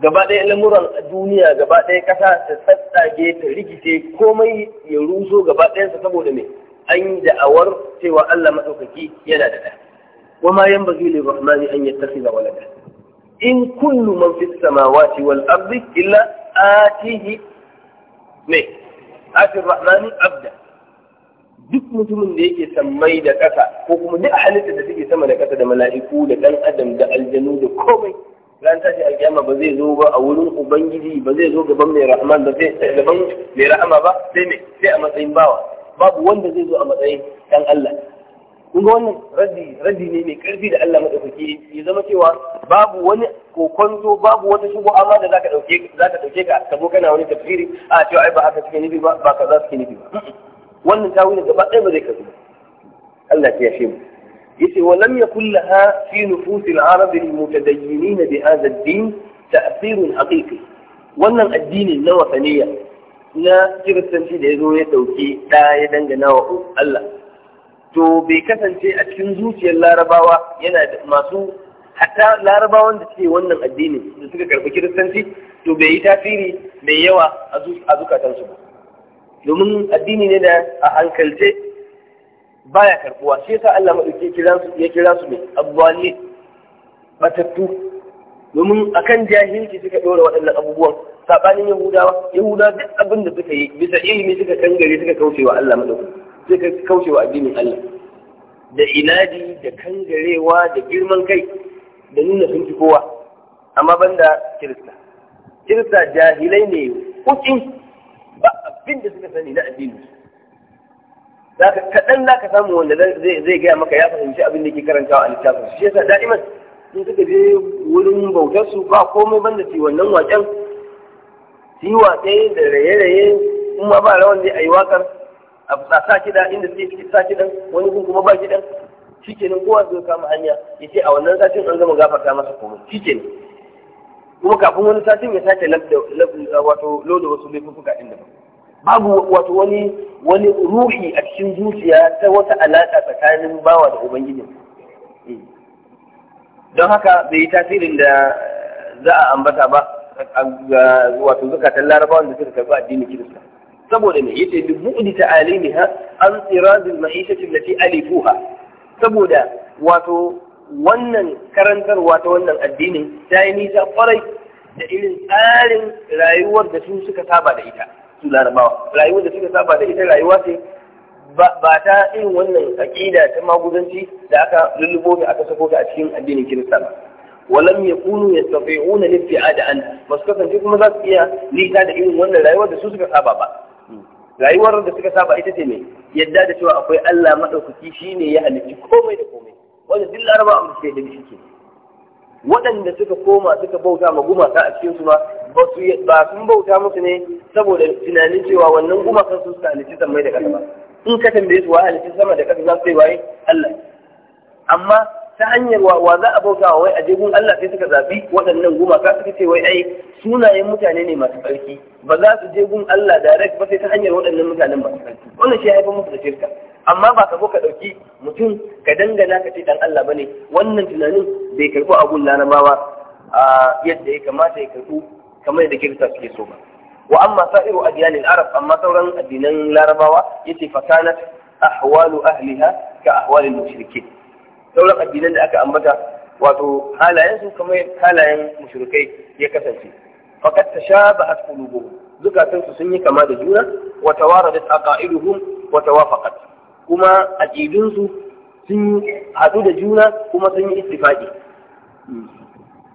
gaba ɗaya lamuran duniya gaba ɗaya ƙasa ta tsatsage ta rikice komai ya ruso gaba ɗayansa saboda me an yi da'awar cewa Allah maɗaukaki yana da ɗa wa ma yan bazili lil rahmani an yattakhidha walada in kullu man fis samawati wal ardi illa atihi me ati rahmani abda duk mutumin da yake sammai da ƙasa ko kuma duk halitta da take sama da ƙasa da mala'iku da ɗan adam da aljanu da komai ran tashi alkiyama ba zai zo ba a wurin ubangiji ba zai zo gaban mai rahman ba sai gaban mai rahama ba sai mai sai a matsayin bawa babu wanda zai zo a matsayin dan Allah kun ga wannan raddi raddi ne mai karfi da Allah madaukake ya zama cewa babu wani zo babu wata shugo amma da zaka dauke zaka dauke ka ka kana wani tafsiri a cewa ai ba haka suke nufi ba ba kaza suke nufi ba wannan tawili gaba ɗaya ba zai kasu Allah ya yashe mu yace wa ya yakul laha fi nufusil arab al mutadayyinin bi hadha wannan addini na wasaniya na kiristanci da zo ya dauki da ya dangana wa Allah to bai kasance a cikin zuciyar larabawa yana da masu hatta larabawan da suke wannan addini da suka karɓi kiristanci to bai yi tasiri mai yawa a zukatansu ba domin addini ne da a hankalce baya karbuwa shi yasa Allah madauki kira su ya kira su ne abwali batattu domin akan jahilci suka dora waɗannan abubuwan sabanin yahudawa Yahuda duk abin da suka yi bisa ilimi suka kangare suka kaucewa Allah madauki suka kaucewa addinin Allah da inadi da kangarewa da girman kai da nuna sun fi kowa amma banda kirista kirista jahilai ne kukin ba abin da suka sani na addinin su zaka kaɗan za ka samu wanda zai gaya maka ya fahimci abin da ke karantawa a littafin shi yasa da'iman sun suka je wurin bautar su ba komai banda ci wannan waken su yi waƙe da raye-raye kuma ba rawan zai a yi waƙar a sa kiɗa inda suke sa kiɗan wani kun kuma ba kiɗan shi kenan kowa zai kama hanya ya ce a wannan satin an gama gafarta masa komai shi kenan kuma kafin wani satin ya sake wato lodo wasu fuka ɗin da babu wato wani wani ruhi a cikin zuciya ta wata alaƙa tsakanin bawa da ubangiji eh. don haka bai yi tasirin da za a ambata ba wato zukatan larabawan da suka karɓi addinin kirista saboda me yace bi bu'di ha, an tirazil ma'ishati allati alifuha saboda wato wannan karantarwa ta wannan addinin ta yi nisa kwarai da irin tsarin rayuwar da su suka saba da ita larabawa rayuwar da suka saba da ita rayuwa ce ba ta irin wannan aƙida ta magudanci da aka lullubo mai aka sako ta a cikin addinin kirista ba walam yakunu yastati'una da an ba kasance kuma za su iya lita da irin wannan rayuwar da su suka saba ba rayuwar da suka saba ita ce ne yadda da cewa akwai Allah madaukaki shine ya halicci komai da komai wanda duk larabawa a da shi ke waɗanda suka koma suka bauta ma gumaka a cikin su ma ba su ba sun bauta musu ne saboda tunanin cewa wannan gumakan sun sa halitta mai da kasa ba in ka tambaye su wa halitta sama da kasa za su yi waye Allah amma ta hanyar wa za a bauta wai a jegun Allah sai suka zabi waɗannan gumaka suka ce wai ai sunayen mutane ne masu tsarki ba za su je gun Allah direct ba sai ta hanyar waɗannan mutanen masu tsarki wannan shi haifar musu da shirka amma ba ka zo ka ɗauki mutum ka dangana ka ce dan Allah bane wannan tunanin bai karɓi abun larabawa a yadda ya kamata ya karɓi kamar yadda kirista suke so ba wa amma sa'iru adyanil arab amma sauran addinan larabawa yace fa kanat ahwalu ahliha ka ahwalil mushrikin sauran addinan da aka ambata wato halayen su kamar halayen mushrikai ya kasance faqad tashabahat qulubuhum zukatan su sun yi kama da juna wa tawaradat aqaiduhum wa tawafaqat kuma aqidun su sun haɗu da juna kuma sun yi ittifaqi hmm.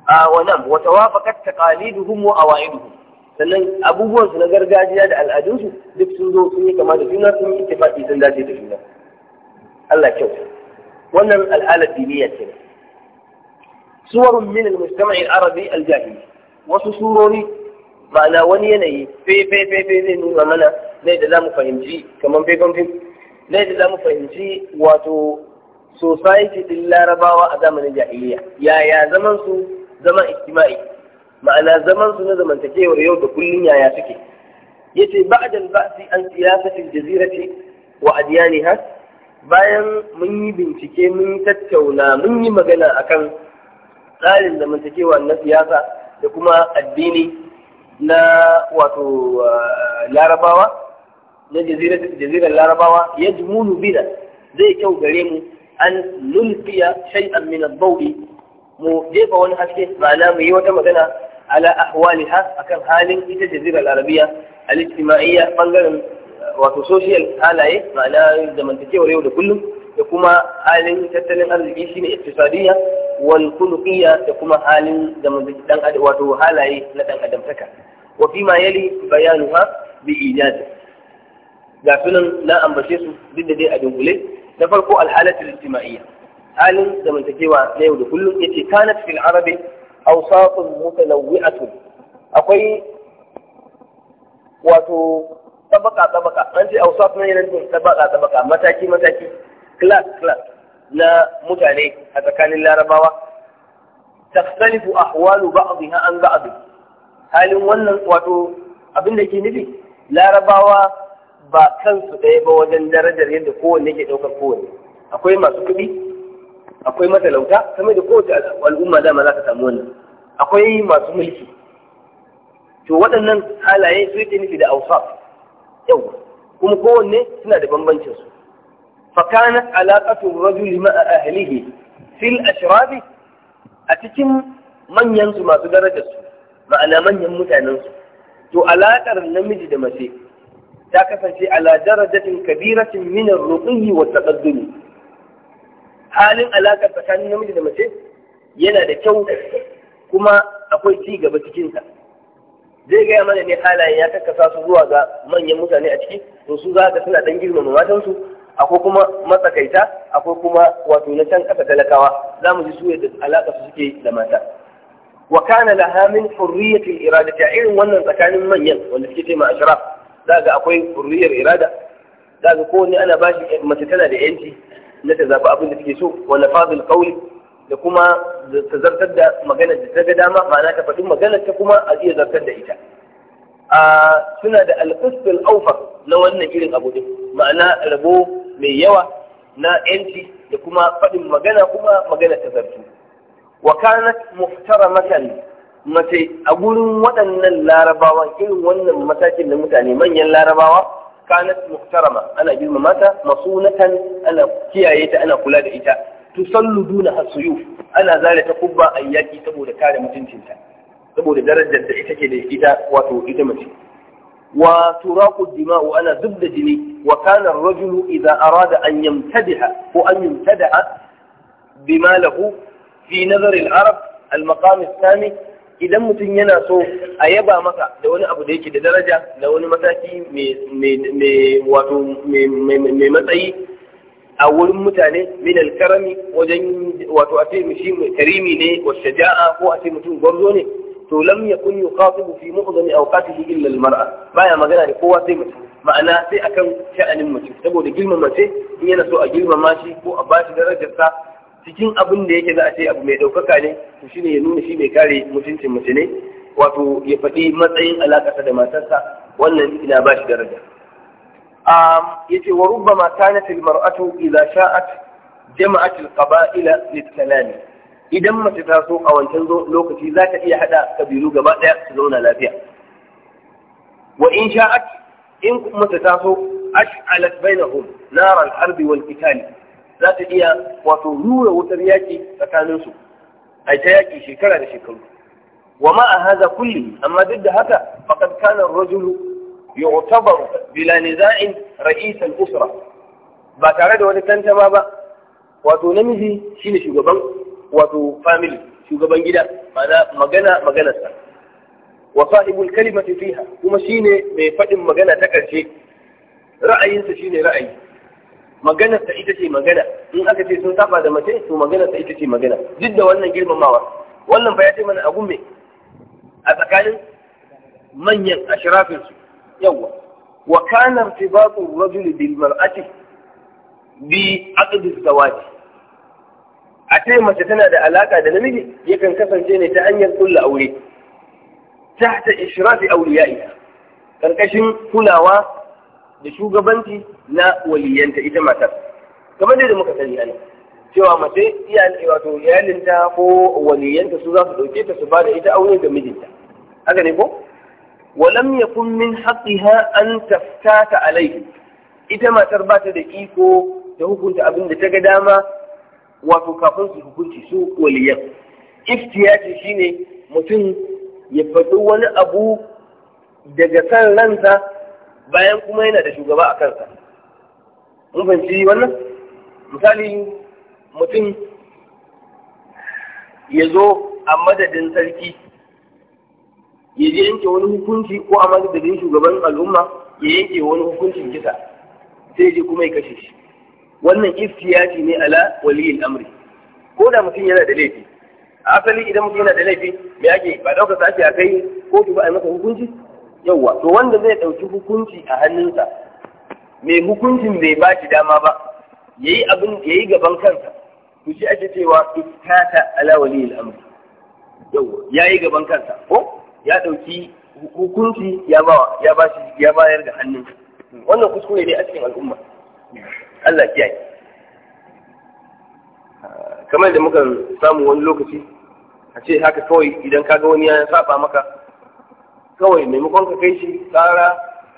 awanam wa tawafaqat taqaliduhum wa awaiduhum sannan abubuwansu na gargajiya da al'adunsu duk sun zo sun yi kama da juna sun yi ittifaqi sun dace da juna Allah kyau wannan al'alar diniya ce suwarun min al-mujtama'i al-arabi al-jahili wasu surori ma'ana wani yanayi fe fe fe fe zai nuna mana ne da zamu fahimci kaman fe kamfin ne da zamu fahimci wato society din larabawa a zamanin jahiliya yaya zaman su zama istimai ma'ana zaman su na zamantakewar yau da kullun yaya suke yace ba'da al-ba'si an siyasati al-jazirati wa adyaniha bayan mun yi bincike mun tattauna mun yi magana akan tsarin zamantakewa na siyasa da kuma addini na wato ah, larabawa na jazirar larabawa ya jimunu bina zai kyau gare mu an nulfiya shay'an min al mu jefa wani haske ma'ana mu yi wata magana ala ahwaliha akan halin ita jazirar arabiya al-ijtima'iyya bangaren eh, wato social halaye ma'ana zamantakewar yau da kullum da kuma halin tattalin arziki shine iktisadiyya wal khuluqiyya da kuma halin zamantakewar dan adam wato halaye na dan adamtaka wa fi ma yali bayanuha bi ijaz ga sunan na ambace su duk da dai a dungule na farko al-halatul ijtima'iyya halin zamantakewa na yau da kullum yace kanat fil arabi awsatun mutanawwi'atun akwai wato tabaka tabaka an ce awsat ne yana nufin tabaka tabaka mataki mataki class class na mutane a tsakanin larabawa تختلف أحوال بعضها عن abin. halin wannan wato abin da ke nufi larabawa ba kansu ɗaya ba wajen darajar yadda kowanne ke ɗaukar kowanne akwai masu kuɗi akwai matalauta kamar da kowace al'umma dama za ka samu wannan akwai masu mulki to waɗannan halaye su yake nufi da ausaf yau kuma kowanne suna da bambancin su kana alaqatu rajuli ma ahlihi fil ashrab a cikin manyan su masu darajar su ma'ana manyan mutanen su to alaƙar namiji da mace ta kasance ala darajatin kabiratin min ar-ruqi wa halin alaƙa tsakanin namiji da mace yana da kyau kuma akwai ci gaba cikinsa zai gaya mana ne halayen ya kakkasa su zuwa ga manyan mutane a ciki to su za ga suna dan girmama matansu akwai kuma matsakaita akwai kuma wato na can ƙasa talakawa za mu ji su yadda alaƙa su suke da mata wa kana laha min hurriyatil irada ta irin wannan tsakanin manyan wanda suke taimaka ma ashraf za ga akwai hurriyar irada za ga kowanne ana bashi mace tana da yanci na ta zaɓi abin da take so wani fadil qawli da kuma ta zartar da maganar da ta ga dama ma'ana ta faɗin maganar ta kuma a iya zartar da ita a suna da alƙistul aufa na wannan irin abu din ma'ana rabo mai yawa na yanci da kuma faɗin magana kuma magana ta zartu wa kanat muhtaramatan mace a gurin waɗannan larabawa irin wannan matakin da mutane manyan larabawa كانت محترمة أنا جلما ماتا مصونة أنا كيائية أنا قلاد إيتا تصل دونها السيوف أنا ذلك أن أياتي تبول كان متنسي تبول درجة إيتا كده إيتا واتو إيتا مسي وتراق الدماء أنا ضد جني وكان الرجل إذا أراد أن يمتدح وأن يمتدح بما له في نظر العرب المقام الثاني idan mutum yana so a yaba maka da wani abu da yake da daraja da wani mataki mai matsayi a wurin mutane min alkarami wajen wato a ce mutum karimi ne wa shaja'a ko a ce mutum gwarzo ne to lam yakun yuqatibu fi mu'zami awqatihi illa almar'a baya magana da kowa sai mutum ma'ana sai akan sha'anin mutum saboda girmama ce in yana so a girmama shi ko a bashi darajarsa cikin abin da yake za a ce abu mai ɗaukaka ne to shine ya nuna shi mai kare mutuncin mace wato ya faɗi matsayin alaƙarsa da matarsa wannan ina ba shi daraja yace wa rubbama kanat almar'atu idza sha'at jama'at alqaba'ila lit-kalam idan mace ta so a wancan lokaci za ta iya haɗa kabilu gaba ɗaya su zauna lafiya wa in sha'at in mace ta so ash'alat bainahum nar al-harbi wal-qitali za ta iya wato rura wutar yaƙi tsakaninsu a ta yaki shekara da shekaru wa ma a haza kulli amma duk da haka faqad kana ar-rajulu yu'tabar bila niza'in ra'is al-usra ba tare da wani tantama ba wato namiji shine shugaban wato family shugaban gida ma'ana magana maganarsa wa sahibul kalimati fiha kuma shine mai faɗin magana ta ƙarshe ra'ayinsa shine ra'ayi maganarsa ita ce magana in aka ce sun saba da mace to maganarsa ita ce magana duk da wannan girmamawa wannan fa ya ce mana abun me a tsakanin manyan ashirafin su yawa wa kana irtibatu rajul bil mar'ati bi aqd az-zawaj a ce mace tana da alaka da namiji yakan kasance ne ta hanyar kulla aure tahta ishrafi awliya'iha karkashin kulawa da shugabanci na waliyanta ita matar kamar da muka sani ana cewa mace iyali wato iyalinta ko waliyanta su za su ɗauke ta su bada ita aure ga mijinta haka ne ko walam kun min haqqiha an taftata alayhi ita matar ba ta da iko ta hukunta abin da ta ga dama wato kafin su hukunci su waliyan shi shine mutum ya faɗi wani abu daga san ransa bayan kuma yana da shugaba a kansa mun fahimci wannan misali mutum ya zo a madadin sarki ya je yanke wani hukunci ko a madadin shugaban al'umma ya yanke wani hukuncin kisa sai je kuma ya kashe shi wannan ce ne ala waliyil amri ko da mutum yana da laifi A asali idan mutum yana da laifi me ake ba daukar sa ake a kai kotu ba a yi masa hukunci yauwa to wanda zai ɗauki hukunci a hannunsa mai hukuncin bai ba shi dama ba yayi abin yayi gaban kansa to shi ake cewa iftata ala wali al-amr ya yayi gaban kansa ko ya ɗauki hukunci ya ba ya ba shi ya bayar da hannunsa wannan kuskure ne a cikin al'umma Allah kiyaye kamar da muka samu wani lokaci a ce haka kawai idan kaga wani ya saba maka kawai maimakon ka kai shi kara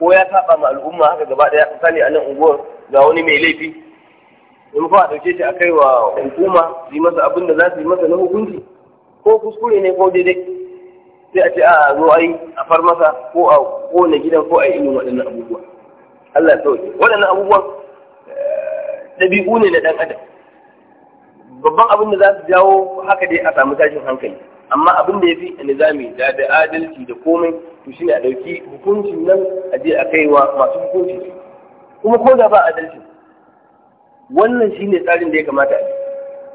ko ya saba ma al'umma haka gaba daya tsani a nan unguwar ga wani mai laifi maimakon a ɗauke shi a kai wa hukuma su yi masa abin da za su yi masa na hukunci ko kuskure ne ko daidai sai a ce a zo ai a far masa ko a kone gidan ko a yi irin waɗannan abubuwa Allah ya sauke waɗannan abubuwan eh, ɗabi'u ne na ɗan adam babban abin da za su jawo haka dai a samu tashin hankali amma abin da ya fi nizami da da adalci da komai to shine a ɗauki hukuncin nan a je a kai wa masu hukunci kuma ko da ba adalci wannan shine tsarin da ya kamata a yi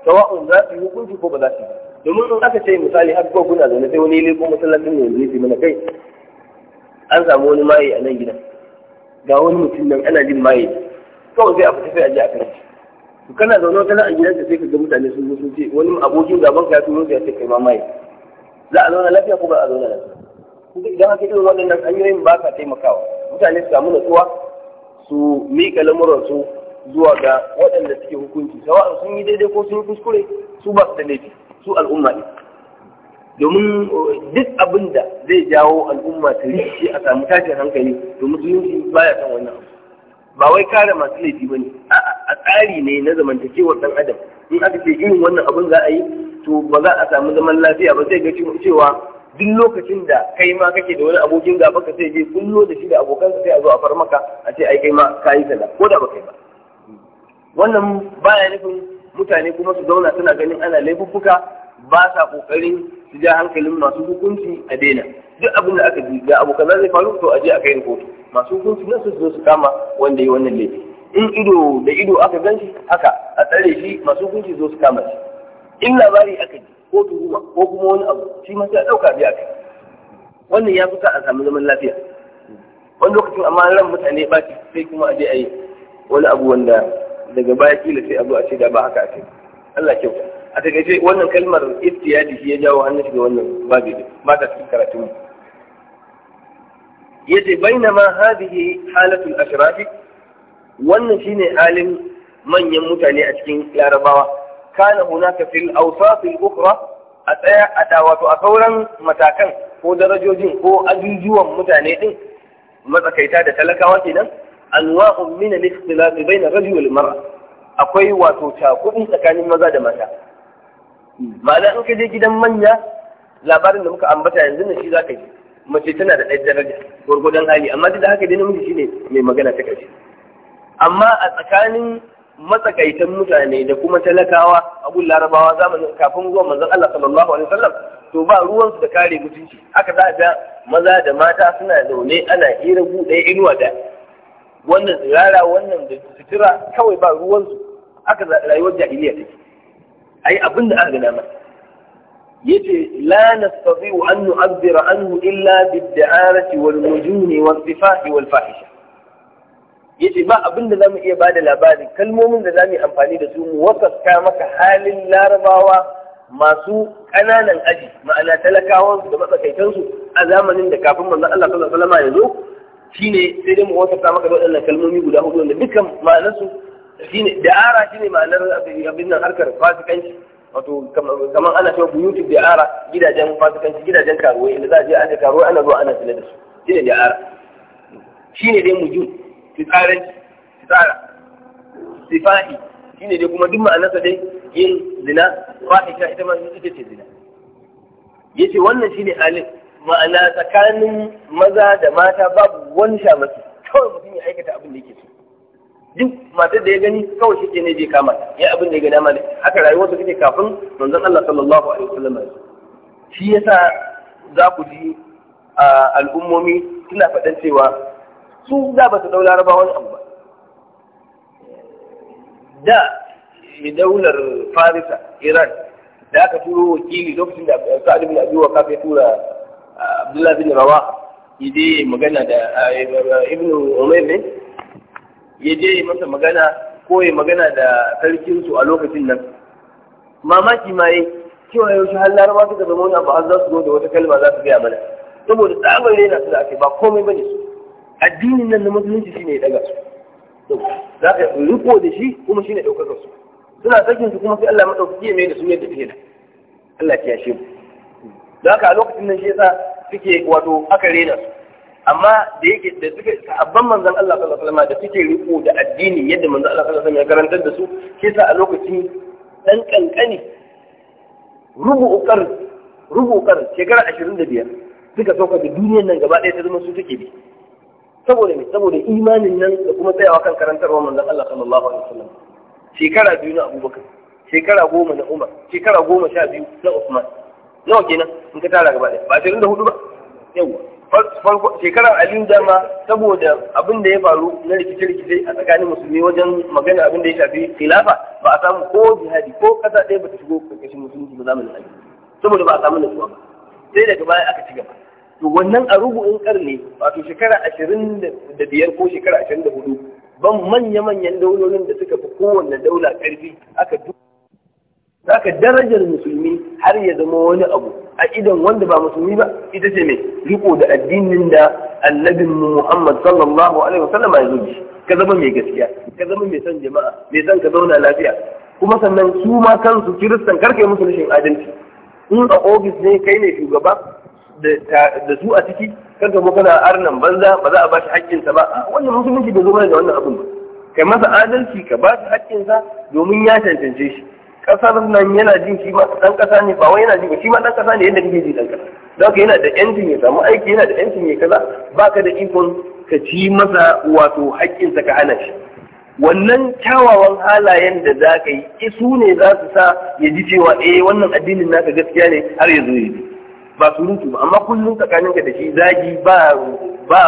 sawa'un za su yi hukunci ko ba za su yi domin in aka ce misali har ko kuna zaune sai wani ya leko masallacin ne yanzu mana kai an samu wani maye a nan gidan ga wani mutum nan ana jin maye kawai sai a fita sai a je a kai kana zaune kana a gidanka sai ka ga mutane sun zo sun ce wani abokin gaban ka ya turo ya ce kai ma maye za a zauna lafiya ko ba a zauna lafiya kuma idan haka irin waɗannan hanyoyin ba sa taimakawa mutane su samu natsuwa su miƙa lamuransu zuwa ga waɗanda suke hukunci sawa'an sun yi daidai ko sun yi kuskure su ba su da laifi su al'umma ne domin eh, duk abin da zai jawo al'umma ta rikici a samu tashin hankali to ba baya son wannan abu ba wai kare masu laifi ba ne a tsari ne na zamantakewar ɗan adam in aka ce irin wannan abin za a yi to ba za a samu zaman lafiya ba sai ga cewa duk lokacin da kai ma kake da wani abokin gaba ka sai je kullo da shi da abokan sai a zo a far maka a ce ai kai ma ka yi ko da ba kai ba wannan baya nufin mutane kuma su zauna suna ganin ana laifuffuka ba sa kokarin su ja hankalin masu hukunci a daina duk abin da aka ji ga abokan zai faru to a je a kai kotu masu hukunci nan su zo su kama wanda ya wannan laifi in ido da ido aka gan haka a tsare shi masu hukunci zo su kama shi in labari aka ji ko tuhuma ko kuma wani abu shi ma sai a ɗauka biya kai wannan ya fita a samu zaman lafiya wani lokacin amma ran mutane ba sai kuma a je a yi wani abu wanda daga baya kila sai abu a ce da ba haka ake Allah kyauta a takaice wannan kalmar iftiyadi shi ya jawo hannun shiga wannan babu ba ta cikin karatun yace bainama hadhihi halatul ashrafi wannan shine halin manyan mutane a cikin larabawa kana hunaka fil awsat al a tsaya a da wato a sauran matakan ko darajojin ko ajujuwan mutane din matsakaita da talakawa kenan anwa'un min al ikhtilaf bayna rajul wal mar'a akwai wato takudi tsakanin maza da mata ma'ana in ka je gidan manya labarin da muka ambata yanzu ne shi zaka ji mace tana da ɗaya daraja gwargwadon hali amma duk da haka dai namiji shine mai magana ta amma a tsakanin matsakaitan mutane da kuma talakawa abun larabawa zamanin kafin zuwa manzon Allah sallallahu alaihi wasallam to ba ruwansu da kare mutunci haka za a ga maza da mata suna zaune ana hira buɗe inuwa da wannan tsirara wannan da sutura kawai ba ruwansu aka rayuwar jahiliya take ai abin da aka gana masa yace la nastati'u an nu'abbira anhu illa bid-da'arati wal mujuni was sifati wal fahisha yace ba abin da zamu iya bada labari kalmomin da za mu yi amfani da su mu wakasta maka halin larabawa masu ƙananan aji ma'ana talakawan da matsakaitansu a zamanin da kafin manzon Allah sallallahu alaihi wasallam ya zo shine sai dai mu wakasta maka da waɗannan kalmomi guda hudu wanda dukkan ma'anarsu shine da'ara shine ma'anar abin nan harkar fasikanci wato kamar ana cewa buyutu da'ara gidajen fasikanci gidajen karuwai inda za a je a karuwai ana zuwa ana sila da su shine da'ara shine dai mujun fitsaranci fitsara sifahi shine dai kuma duk ma'anarsa dai yin zina fahisha ita ma ita ce zina Ya ce wannan shine halin. ma'ana tsakanin maza da mata babu wani shamaki kawai mutum ya aikata abin da yake so duk matar da ya gani kawai shi ke ne bai kama ya abin da ya gani ma da haka rayuwar su kake kafin manzon Allah sallallahu alaihi wasallam shi yasa za ku ji al'ummomi suna faɗan cewa su da ba su ɗau laraba wani abu ba da daular farisa iran da aka turo wakili lokacin da sa'ad bin abi waqaf ya tura abdullah bin rawa yaje magana da Ibn umayr ya je masa magana ko ya magana da sarkin su a lokacin nan mamaki ma yi cewa yaushe har laraba suka zama wani abu har za su zo da wata kalma za su gaya mana saboda tsabar rena su da ake ba komai bane su addinin nan na musulunci shine ya daga su za ka riko da shi kuma shine daukar su suna sakin su kuma sai Allah madaukaki ya mai da su yadda take da Allah ya shi za ka a lokacin nan shi yasa suke wato aka rena su amma da yake da suka sahabban manzon Allah sallallahu alaihi wasallam da suke riko da addini yadda manzon Allah sallallahu alaihi wasallam ya karantar da su shi yasa a lokacin dan kankani rubu ukar rubu ukar shekara 25 suka sauka da duniyar nan gaba ɗaya ta zama su take bi saboda me saboda imanin nan da kuma tsayawa kan karantarwar manzon Allah sallallahu alaihi wasallam shekara biyu na Abubakar shekara goma na Umar shekara goma sha biyu na Usman nawa kenan in ka tara gaba ɗaya ba ashirin da hudu ba yawa farko shekarar Aliyu dama saboda abin da ya faru na rikice-rikice a tsakanin musulmi wajen magana abin da ya shafi khilafa ba a samu ko jihadi ko kasa ɗaya ba ta shigo ƙarƙashin musulunci ba zamanin Aliyu saboda ba a samu nutsuwa ba sai daga baya aka ci gaba to wannan a rubu'in karni wato shekara ashirin da biyar ko shekara ashirin da hudu ban manya-manyan daulolin da suka fi kowanne daula karfi aka ka darajar musulmi har ya zama wani abu a idan wanda ba musulmi ba ita ce mai riko da addinin da annabin Muhammad sallallahu alaihi wasallam ya zubi ka zama mai gaskiya ka zama mai son jama'a mai son ka zauna lafiya kuma sannan su ma kansu kiristan karkai musu rashin adalci in a ofis ne kai ne shugaba da su a ciki kan kuma kana arnan banza ba za a bashi haƙƙinsa ba ah, wannan musulunci bai zo mana da wannan abin ba kai masa adalci ka ba shi haƙƙinsa domin ya cancance shi ƙasar nan yana jin shi ma ɗan ƙasa ne ba wai yana jin shi ma ɗan ƙasa ne yadda kake ji ɗan ƙasa don haka yana da ƴancin ya samu aiki yana da ƴancin ya kaza baka da ikon ka ci masa wato haƙƙinsa ka hana shi wannan kyawawan halayen da za ka yi isu ne za su sa ya ji cewa eh wannan addinin naka gaskiya ne har ya zo ya ji ba surutu ba amma kullum tsakanin ka da shi zagi ba ba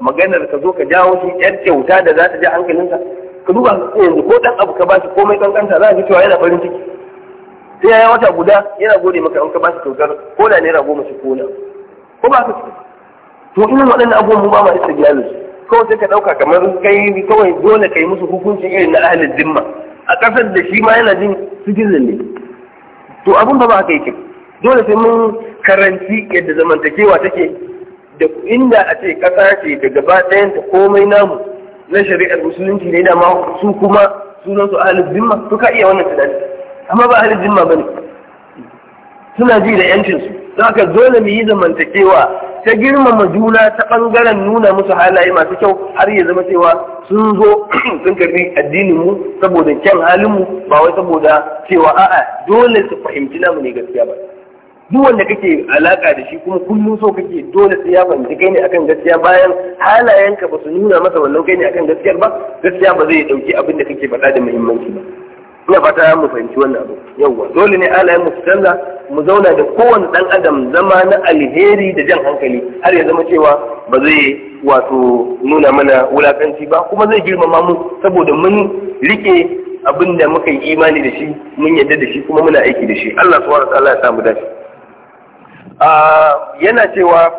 maganar ka zo ka jawo shi ɗan kyauta da za ta ja hankalin ka duba yanzu ko ɗan abu ka ba shi komai kankanta za ka cewa yana farin ciki sai yayi wata guda yana gode maka in ka ba shi kyautar ko da naira goma shi kona ko ba ka to irin waɗannan abubuwan mu ba ma istijlalin su kawai sai ka ɗauka kamar kai kawai dole ka yi musu hukuncin irin na ahalin zimma a ƙasar da shi ma yana jin sigilin ne to abin ba ba yi kyau dole sai mun karanci yadda zamantakewa take da inda a ce ƙasa ce da gaba ɗayan ta komai namu na shari'ar musulunci ne da ma su kuma sunan su ahlul zimma to ka iya wannan tunani amma ba ahlul zimma bane suna ji da yancin su haka dole mu yi zamantakewa ta girmama juna ta bangaren nuna musu halaye masu kyau har ya zama cewa sun zo [clears throat] sun karbi addinin mu saboda kyan halin mu ba wai saboda cewa a'a dole su fahimci namu ne gaskiya ba duk wanda kake alaka da shi kuma kullum so kake dole sai ya fahimci kai ne akan gaskiya bayan halayenka ba su nuna masa wannan kai ne akan gaskiyar ba gaskiya ba zai dauki abin da kake faɗa da muhimmanci ba ina fata mu fahimci wannan abu yawwa dole ne halayen mu canza mu zauna da kowane dan adam zama na alheri da jan hankali har ya zama cewa ba zai wato nuna mana wulakanci ba kuma zai girmama mu saboda mun rike abin da muka yi imani da shi mun yadda da shi kuma muna aiki da shi Allah subhanahu wa ta'ala ya samu dace yana cewa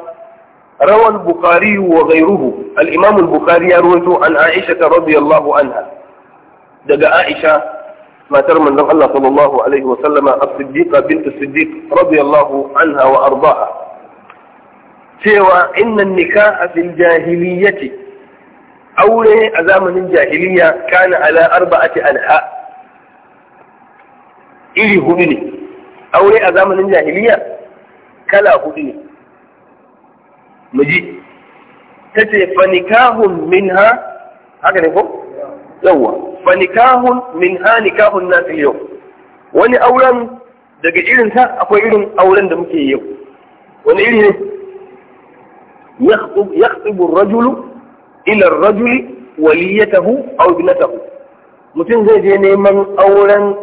rawan bukari wa gairuhu al’imamun bukari ya ruwanto an aisha ta rabu radiyallahu anha daga aisha matar manzon Allah sallallahu alaihi wasallama a as-siddiqa bint rabu yallahu radiyallahu anha wa ardaha cewa inna an-nikaha fil jahiliyyati aure a zamanin jahiliya kana ala arba'ati anha iri hudu ne aure a zamanin jahiliya kala hudu ne mu ji ta ce fanikahun ha, haka ne ko yawwa fanikahun minha nikahun nasil yau wani auren daga irin ta akwai irin auren da muke yau wani iri ne yakhtubu ar-rajulu ila ar-rajuli waliyatahu aw ibnatahu mutum zai je neman auren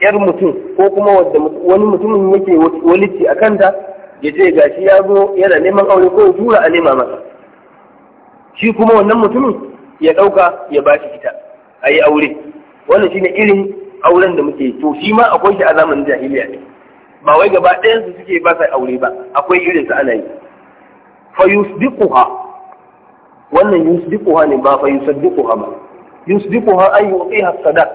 yar mutum ko kuma wanda wani mutumin yake walici a kanta ya ce ga shi ya zo yana neman aure ko ya tura a nema masa shi kuma wannan mutumin ya ɗauka ya ba shi fita a yi aure wannan shine irin auren da muke to shi ma akwai shi a zaman jahiliya ne ba wai gaba ɗayan su suke ba sa aure ba akwai irin su ana yi fa yusdiquha wannan yusdiquha ne ba fa yusaddiquha ba yusdiquha ay yu'tiha sadaq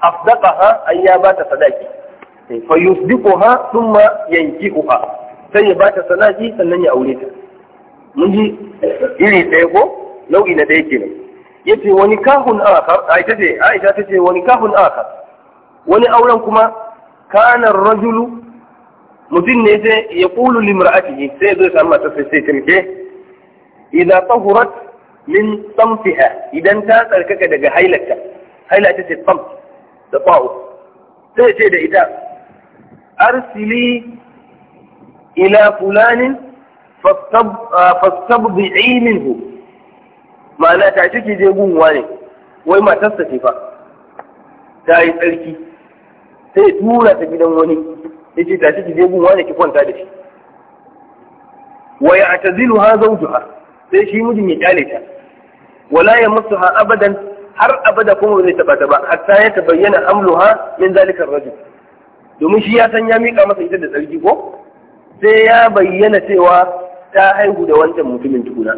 afdaqaha ay ya ba bata sadaqi fa yusdiquha thumma yankihuha sai ya ba ta sanaki sannan ya aure ta mun ji iri ɗaya ko nau'i na ɗaya kenan ce wani kahun akar aisha ce aisha ta ce wani kahun akar wani auren kuma Kanar rajulu mutum ne sai ya qulu limra'atihi sai zai samu mata sai sai idan ta hurat min ha. idan ta tsarkaka daga hailata hailata ce samt da ta'u sai ce da ita arsili ila fulanin فاستبضعي منه ما لا ki جيبون واني وما wai تاي ce fa ta yi tsarki sai tura ta gidan wani yace ta ki je gunwa ki kwanta da shi ya har abada kuma zai taba ta ba hatta ya tabayyana amluha min zalika rajul domin shi ya san ya mika masa ita da tsarki ko sai ya bayyana cewa ta haihu da wancan mutumin tukuna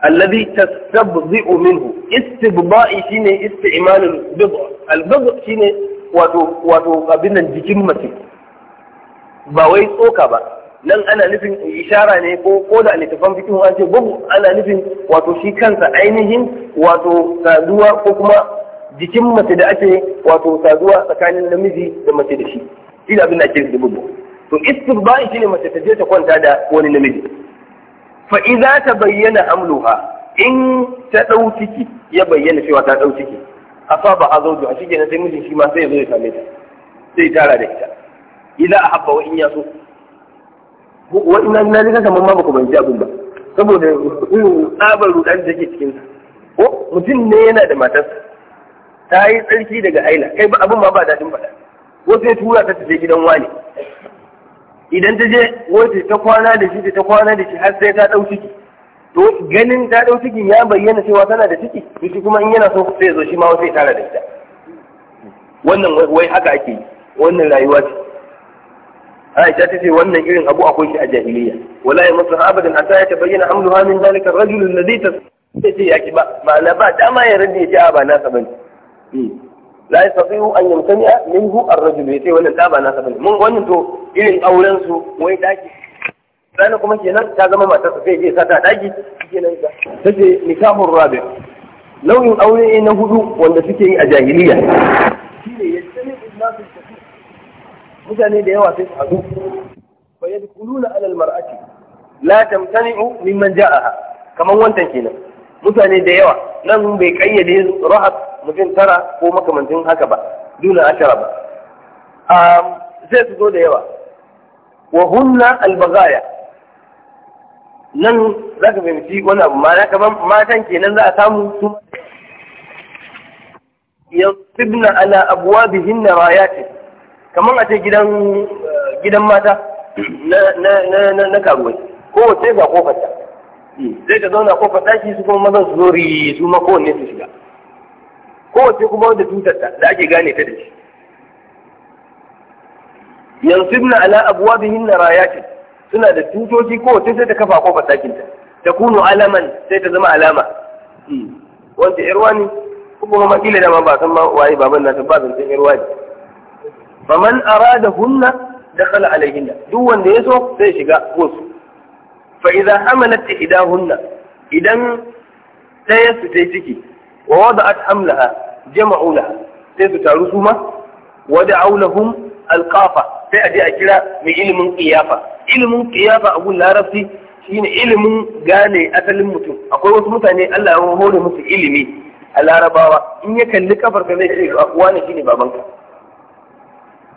alladhi tastabzi'u minhu istibba'i shine isti'malul bid'a al-bid'a shine wato wato abin nan jikin mace ba wai tsoka ba nan ana nufin ishara ne ko ko da littafan fikihu an ce bugu ana nufin wato shi kansa ainihin wato saduwa ko kuma jikin mace da ake wato saduwa tsakanin namiji da mace da shi ila abin da ake da bugu to shi ne mace ta je ta kwanta da wani namiji fa idza bayyana amluha in ta dau ciki ya bayyana cewa ta dau ciki asaba azawju a cikin sai mijin shi ma sai ya zo ya same ta sai tara da ita idza ahabba wa in ya so. wa inna lillahi wa inna ilaihi raji'un ma ku ban ji abin ba saboda tsabar rudan da take cikin sa ko mutum ne yana da matarsa ta yi tsarki daga aila kai ba abin ma ba daɗin faɗa wasu ya tura ta tafi gidan wani idan ta je wata ta kwana da shi ta kwana da shi har sai ta ɗau ciki to ganin ta ɗau cikin ya bayyana cewa tana da ciki shi kuma in yana so sai zo shi ma ya tara da ita wannan wai haka ake yi wannan rayuwa ce Aisha ta ce wannan irin abu akwai shi a jahiliya wallahi ya masu abadan hatta ya tabayyana amluha min dalika rajulun ladhi ta ce ya ki ba ma'ana ba dama ya rage ya ji a ba nasa bane hmm. la yastati'u an yamtani'a minhu ar-rajul yace wannan ta ba na sabani mun wannan to irin auren wai daki sai kuma kenan ta zama matar sa sai je sa ta daki kenan ta tace nikahur rabi nau'in aure na hudu wanda suke yi a jahiliya shine yastani nasu mutane da yawa sai su hadu fa yadkhuluna ala al-mar'ati la tamtani'u mimman ja'aha kaman wantan kenan mutane da yawa nan bai kayyade rahat mutum tara ko makamantin haka ba duna tara ba sai su zo da yawa wa hunna albagaya nan za ka fahimci wani abu Mana kamar matan kenan za a samu su yasibna ala abwabihin rayatin kaman a ce gidan gidan mata na na na na karuwai kowace ga kofarta sai ta zauna ko ɗaki su kuma mazan su zori su ma kowanne su shiga kowace kuma wanda tutar ta da ake gane ta da shi yansibna ala abuwa abwabihin rayatin suna da tutoci kowace sai ta kafa kofar ɗakin ta ta kunu alaman sai ta zama alama hmm. wanda yarwa ne kuma ma kila da ma ba san ma waye baban na ta ba zan san yarwa ne faman hunna dakhala alaihinna duk wanda ya so sai shiga su. fa idza hamalat ihdahunna idan daya su tai ciki wa wada'at hamlaha jama'u laha sai su taru suma ma wada'u lahum sai a je a kira mai ilimin qiyafa ilimin qiyafa abun larabci shine ilimin gane asalin mutum akwai wasu mutane Allah ya hore ilimi a larabawa in ya kalli kafar ka zai ce wani shine babanka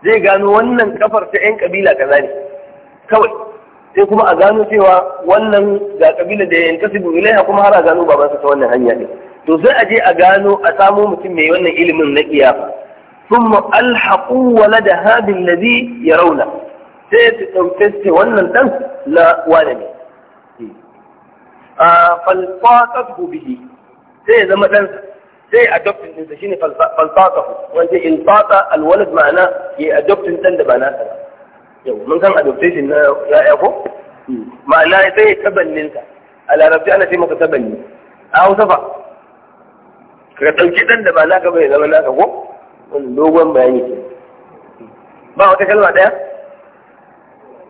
zai gano wannan kafar ta yan kabila kaza ne kawai sai kuma a gano cewa wannan ga kabilar da yanka su ilaiha kuma har a gano babansa ta wannan hanya ne to sai a je a gano a samo mutum mai wannan ilimin na iyafa ثم ألحقوا ولد هذا الذي wannan تيتي na wani. لا والدي فالطاقته به sai ya zama ɗansa sai adoptin ɗinsa shine falsatahu wanda in fata alwalad ma'ana ya adoptin ɗan da ba nasa ba yau mun san adoptation na ya'ya ko ma'ana sai ya tabannin ka a larabci ana ce maka tabanni a hausa fa ka ɗauki ɗan da ba ka bai zama naka ko wani dogon bayani ke ba wata kalma ɗaya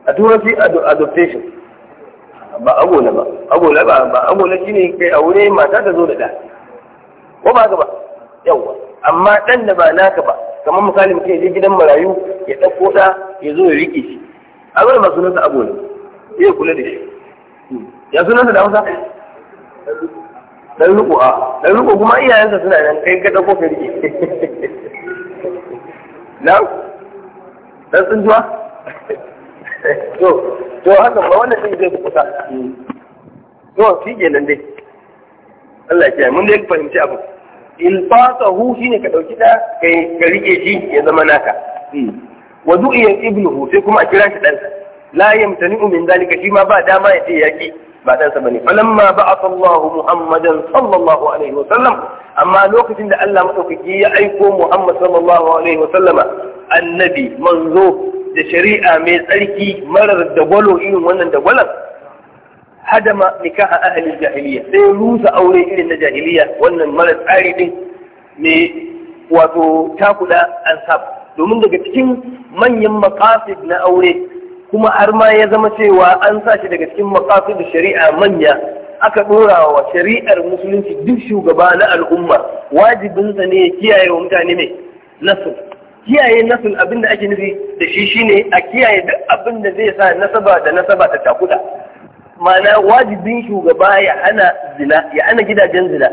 a turanci adoptation ba agola ba agola ba ba agola shine kai a wurin mata ta zo da ɗa ko ba ka ba yawwa amma ɗan da ba naka ba kamar misali mutum ya je gidan marayu ya ɗauko ɗa ya zo ya riƙe shi a zo da ba sunansa abu ne ya kula da shi ya sunansa da hausa dan riko a dan riko kuma iyayensa suna nan kai ka ɗauko ka riƙe [laughs] na dan tsinjuwa [laughs] to to haka ba wannan din zai kusa to shi kenan dai Allah ya kiyaye mun dai fahimci abu in shi ne ka dauki da kai ka rike shi ya zama naka hmm. wa du'iya ibnuhu sai kuma a kira shi dan la yamtani'u min zalika shi ma ba dama ya ce yaki ba dan ba bane falamma ba'atha Allahu Muhammadan sallallahu alaihi wa sallam amma lokacin da Allah madaukaki ya aiko Muhammad sallallahu alaihi wa sallama annabi manzo da shari'a mai tsarki marar dagwalo irin wannan dagwalan hadama nikaha ahli jahiliya sai rusa aure irin na jahiliya wannan mara tsari din ne wato an ansab domin daga cikin manyan maqasid na aure kuma har ma ya zama cewa an sa shi daga cikin da shari'a manya aka ɗora wa shari'ar musulunci duk shugaba na al'umma wajibinsa ne ya kiyaye wa mutane mai nasu kiyaye nasul abin da ake nufi da shi shine a kiyaye duk abinda zai sa nasaba da nasaba ta takuda ma'ana wajibin shugaba ya ana zina ya ana gidajen zina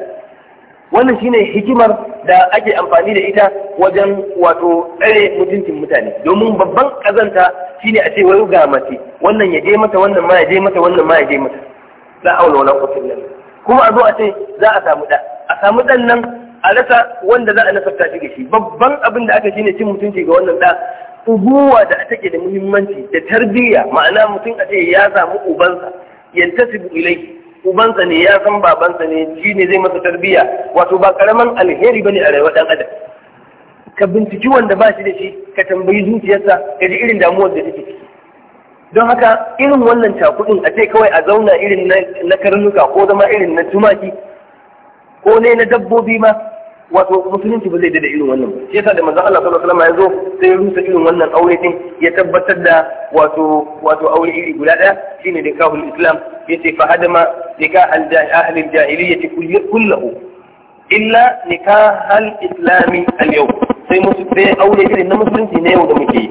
wannan shine hikimar da ake amfani da ita wajen wato tsare mutuncin mutane domin babban kazanta shine a ce wai ga mace wannan ya je mata wannan ma ya je mata wannan ma ya je mata la aula wala quwwata illa kuma a zo a ce za a samu da a samu dan nan a rasa wanda za a nasarta shi da shi babban abin da aka shine cin mutunci ga wannan da ubuwa da take da muhimmanci da tarbiyya ma'ana mutum a ce ya samu ubansa yantasibu ilai ubansa ne ya san babansa ne shi ne zai masa tarbiyya wato ba karaman alheri bane a rayuwar dan adam ka binciki wanda ba shi da shi ka tambayi zuciyarsa ka ji irin damuwar da take don haka irin wannan cakudin a ce kawai a zauna irin na karnuka ko zama irin na tumaki ko ne na dabbobi ma wato musulunci ba zai da irin wannan shi yasa da manzon Allah sallallahu alaihi wasallam ya zo sai ya rusa irin wannan aure din ya tabbatar da wato wato aure iri guda daya shine da kahul islam yace fa hadama nikah al ahli al jahiliyyah kullahu illa nikah al islami al yawm sai musu sai aure irin na musulunci ne yau da muke yi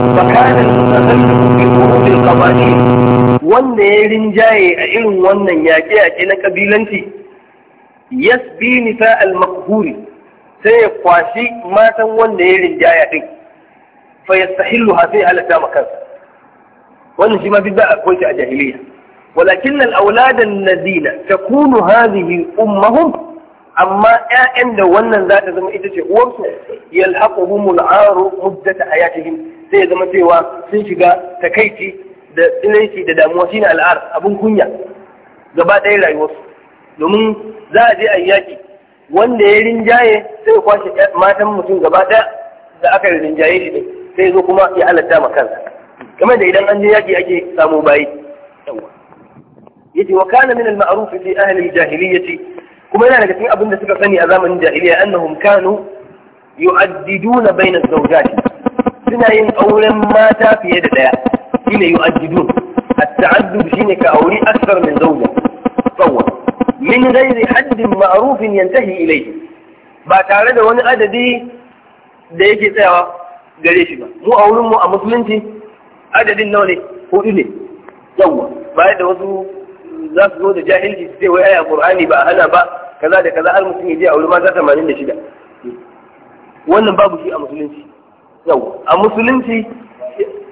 makanin mutasarrifu fil qabati wanda ya rinjaye a irin wannan yaƙe yaƙe na kabilanci yasbi nisa al makhuri sai ya kwashi matan wanda ya rinjaya din fa yastahillu ha sai halatta makansa wannan shi ma bidda a ta a jahiliya ولكن الأولاد الذين تكون هذه أمهم amma ‘ya'yan da wannan za ta zama ita ce uwarsu yalhaquhumul aru muddata hayatihim sai ya zama cewa sun shiga takaici da tsinanci da damuwa shine al'ar abin kunya gaba ɗaya rayuwarsu domin za a je a yaƙi wanda ya rinjaye sai ya kwashe matan mutum gaba ɗaya da aka rinjaye shi ne sai zo kuma ya halatta ma kansa kamar da idan an je yaƙi ake samu bayi yace wa kana min al-ma'ruf fi ahli al-jahiliyyah kuma yana daga cikin abin da suka sani a zamanin jahiliya annahum kanu yu'addiduna bayna az-zawjat suna yin auren mata fiye da ɗaya. daya shine yu'addidun at-ta'addud shine ka auri akthar min zawja tsawwa min ghairi haddin ma'rufin yantahi ilayhi ba tare da wani adadi da yake tsayawa gare shi ba mu auren mu a musulunci adadin nawa ne hudu ne yawwa Ba da wasu za su zo da jahilci su ce wai aya qur'ani ba hana ba kaza da kaza har mutum ya je a wurin mata 86 wannan babu shi a musulunci yau a musulunci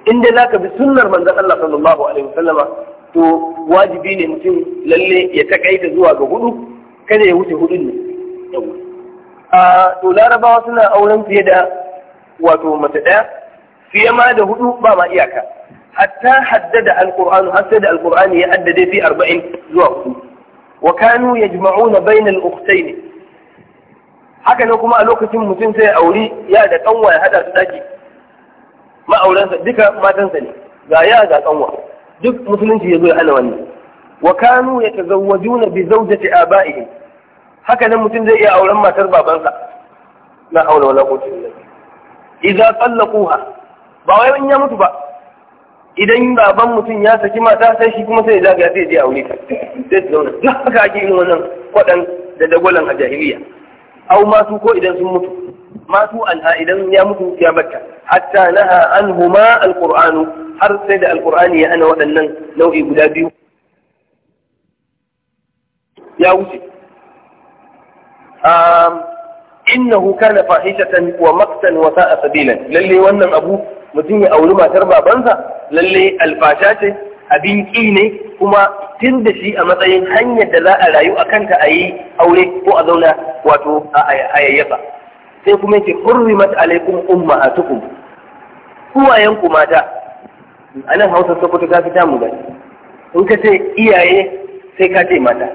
inda za ka bi sunnar manzan Allah sallallahu alaihi wasallama to wajibi ne mutum lalle ya takaita zuwa ga hudu kada ya wuce hudun ne a to larabawa suna auren fiye da wato mace ɗaya fiye ma da hudu ba ma iyaka hatta haddada alqur'anu har sai da alqur'ani ya haddade fi arba'in zuwa hudu wa kanu yajma'una bainal ukhtayn haka ne kuma a lokacin mutum sai auri ya da kanwa ya hada su daki ma'auransa duka matansa ne ga ya ga kanwa duk musulunci ya zo ya hana wannan wa kanu yatazawwajuna bi zawjati aba'ihim haka nan mutum zai iya auren matar babansa Na haula wala quwwata illa billah idza tallaquha ba wai in ya mutu ba idan baban mutum ya saki mata sai shi kuma sai ya zagaya sai ya je aure ta sai ta zauna duk haka ake yin wannan kwadan da dagwalan a jahiliya au matu ko idan sun mutu matu anha idan ya mutu ya batta hatta naha anhuma alqur'anu har sai da alqur'ani ya ana waɗannan nau'i guda biyu ya wuce innahu kana fahishatan wa maqtan wa sa'a sabilan Lallai wannan abu mutum ya auri matar babansa Lallai alfasha ce abin ƙi ne kuma tun da shi a matsayin hanyar da za a rayu a kanta a yi aure ko a zauna wato a yayyafa sai kuma yake umma a tukun. uwayen ku mata a nan hausa sokoto ta fi tamu gani in ka ce iyaye sai ka ce mata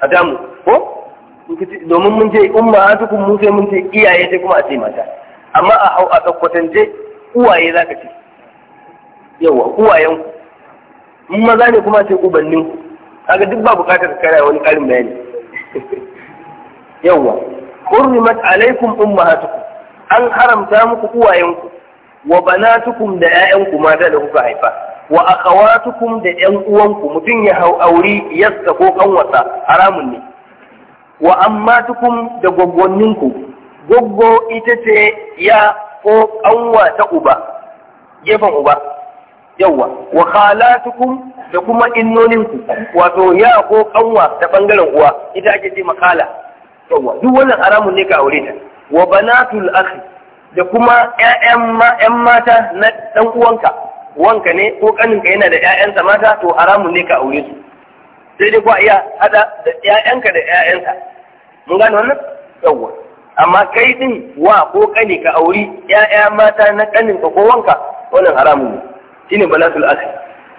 a damu ko domin mun ce tukun mu sai mun ce iyaye sai kuma a ce mata amma a hau a kwatance uwaye za ka ce wa uwayen ku in maza ne kuma ce ubannin kaga duk ba bukatar kara wani karin bayani yawwa hurrimat alaikum ummahatukum an haramta muku uwayenku wa banatukum da 'ya'yanku mata da kuka haifa wa akhawatukum da ƴan uwanku mutum ya hau auri yasta ko kanwata haramun ne wa ammatukum da gwaggwanninku goggo ita ce ya ko kanwa ta uba gefen uba yawwa wa khalatukum da kuma innoninku wato ya ko kanwa ta bangaren uwa ita ake ce makala yawwa duk wannan haramun ne ka aure ta wa banatul akhi da kuma ƴaƴan mata na dan uwanka wanka ne ko kaninka yana da ƴaƴansa mata to haramun ne ka aure su sai dai kuwa iya hada da ƴaƴanka da ƴaƴansa mun gane wannan yawwa amma kai din wa ko kani ka auri ƴaƴa mata na kaninka ko wanka wannan haramun ne shine banatul akhi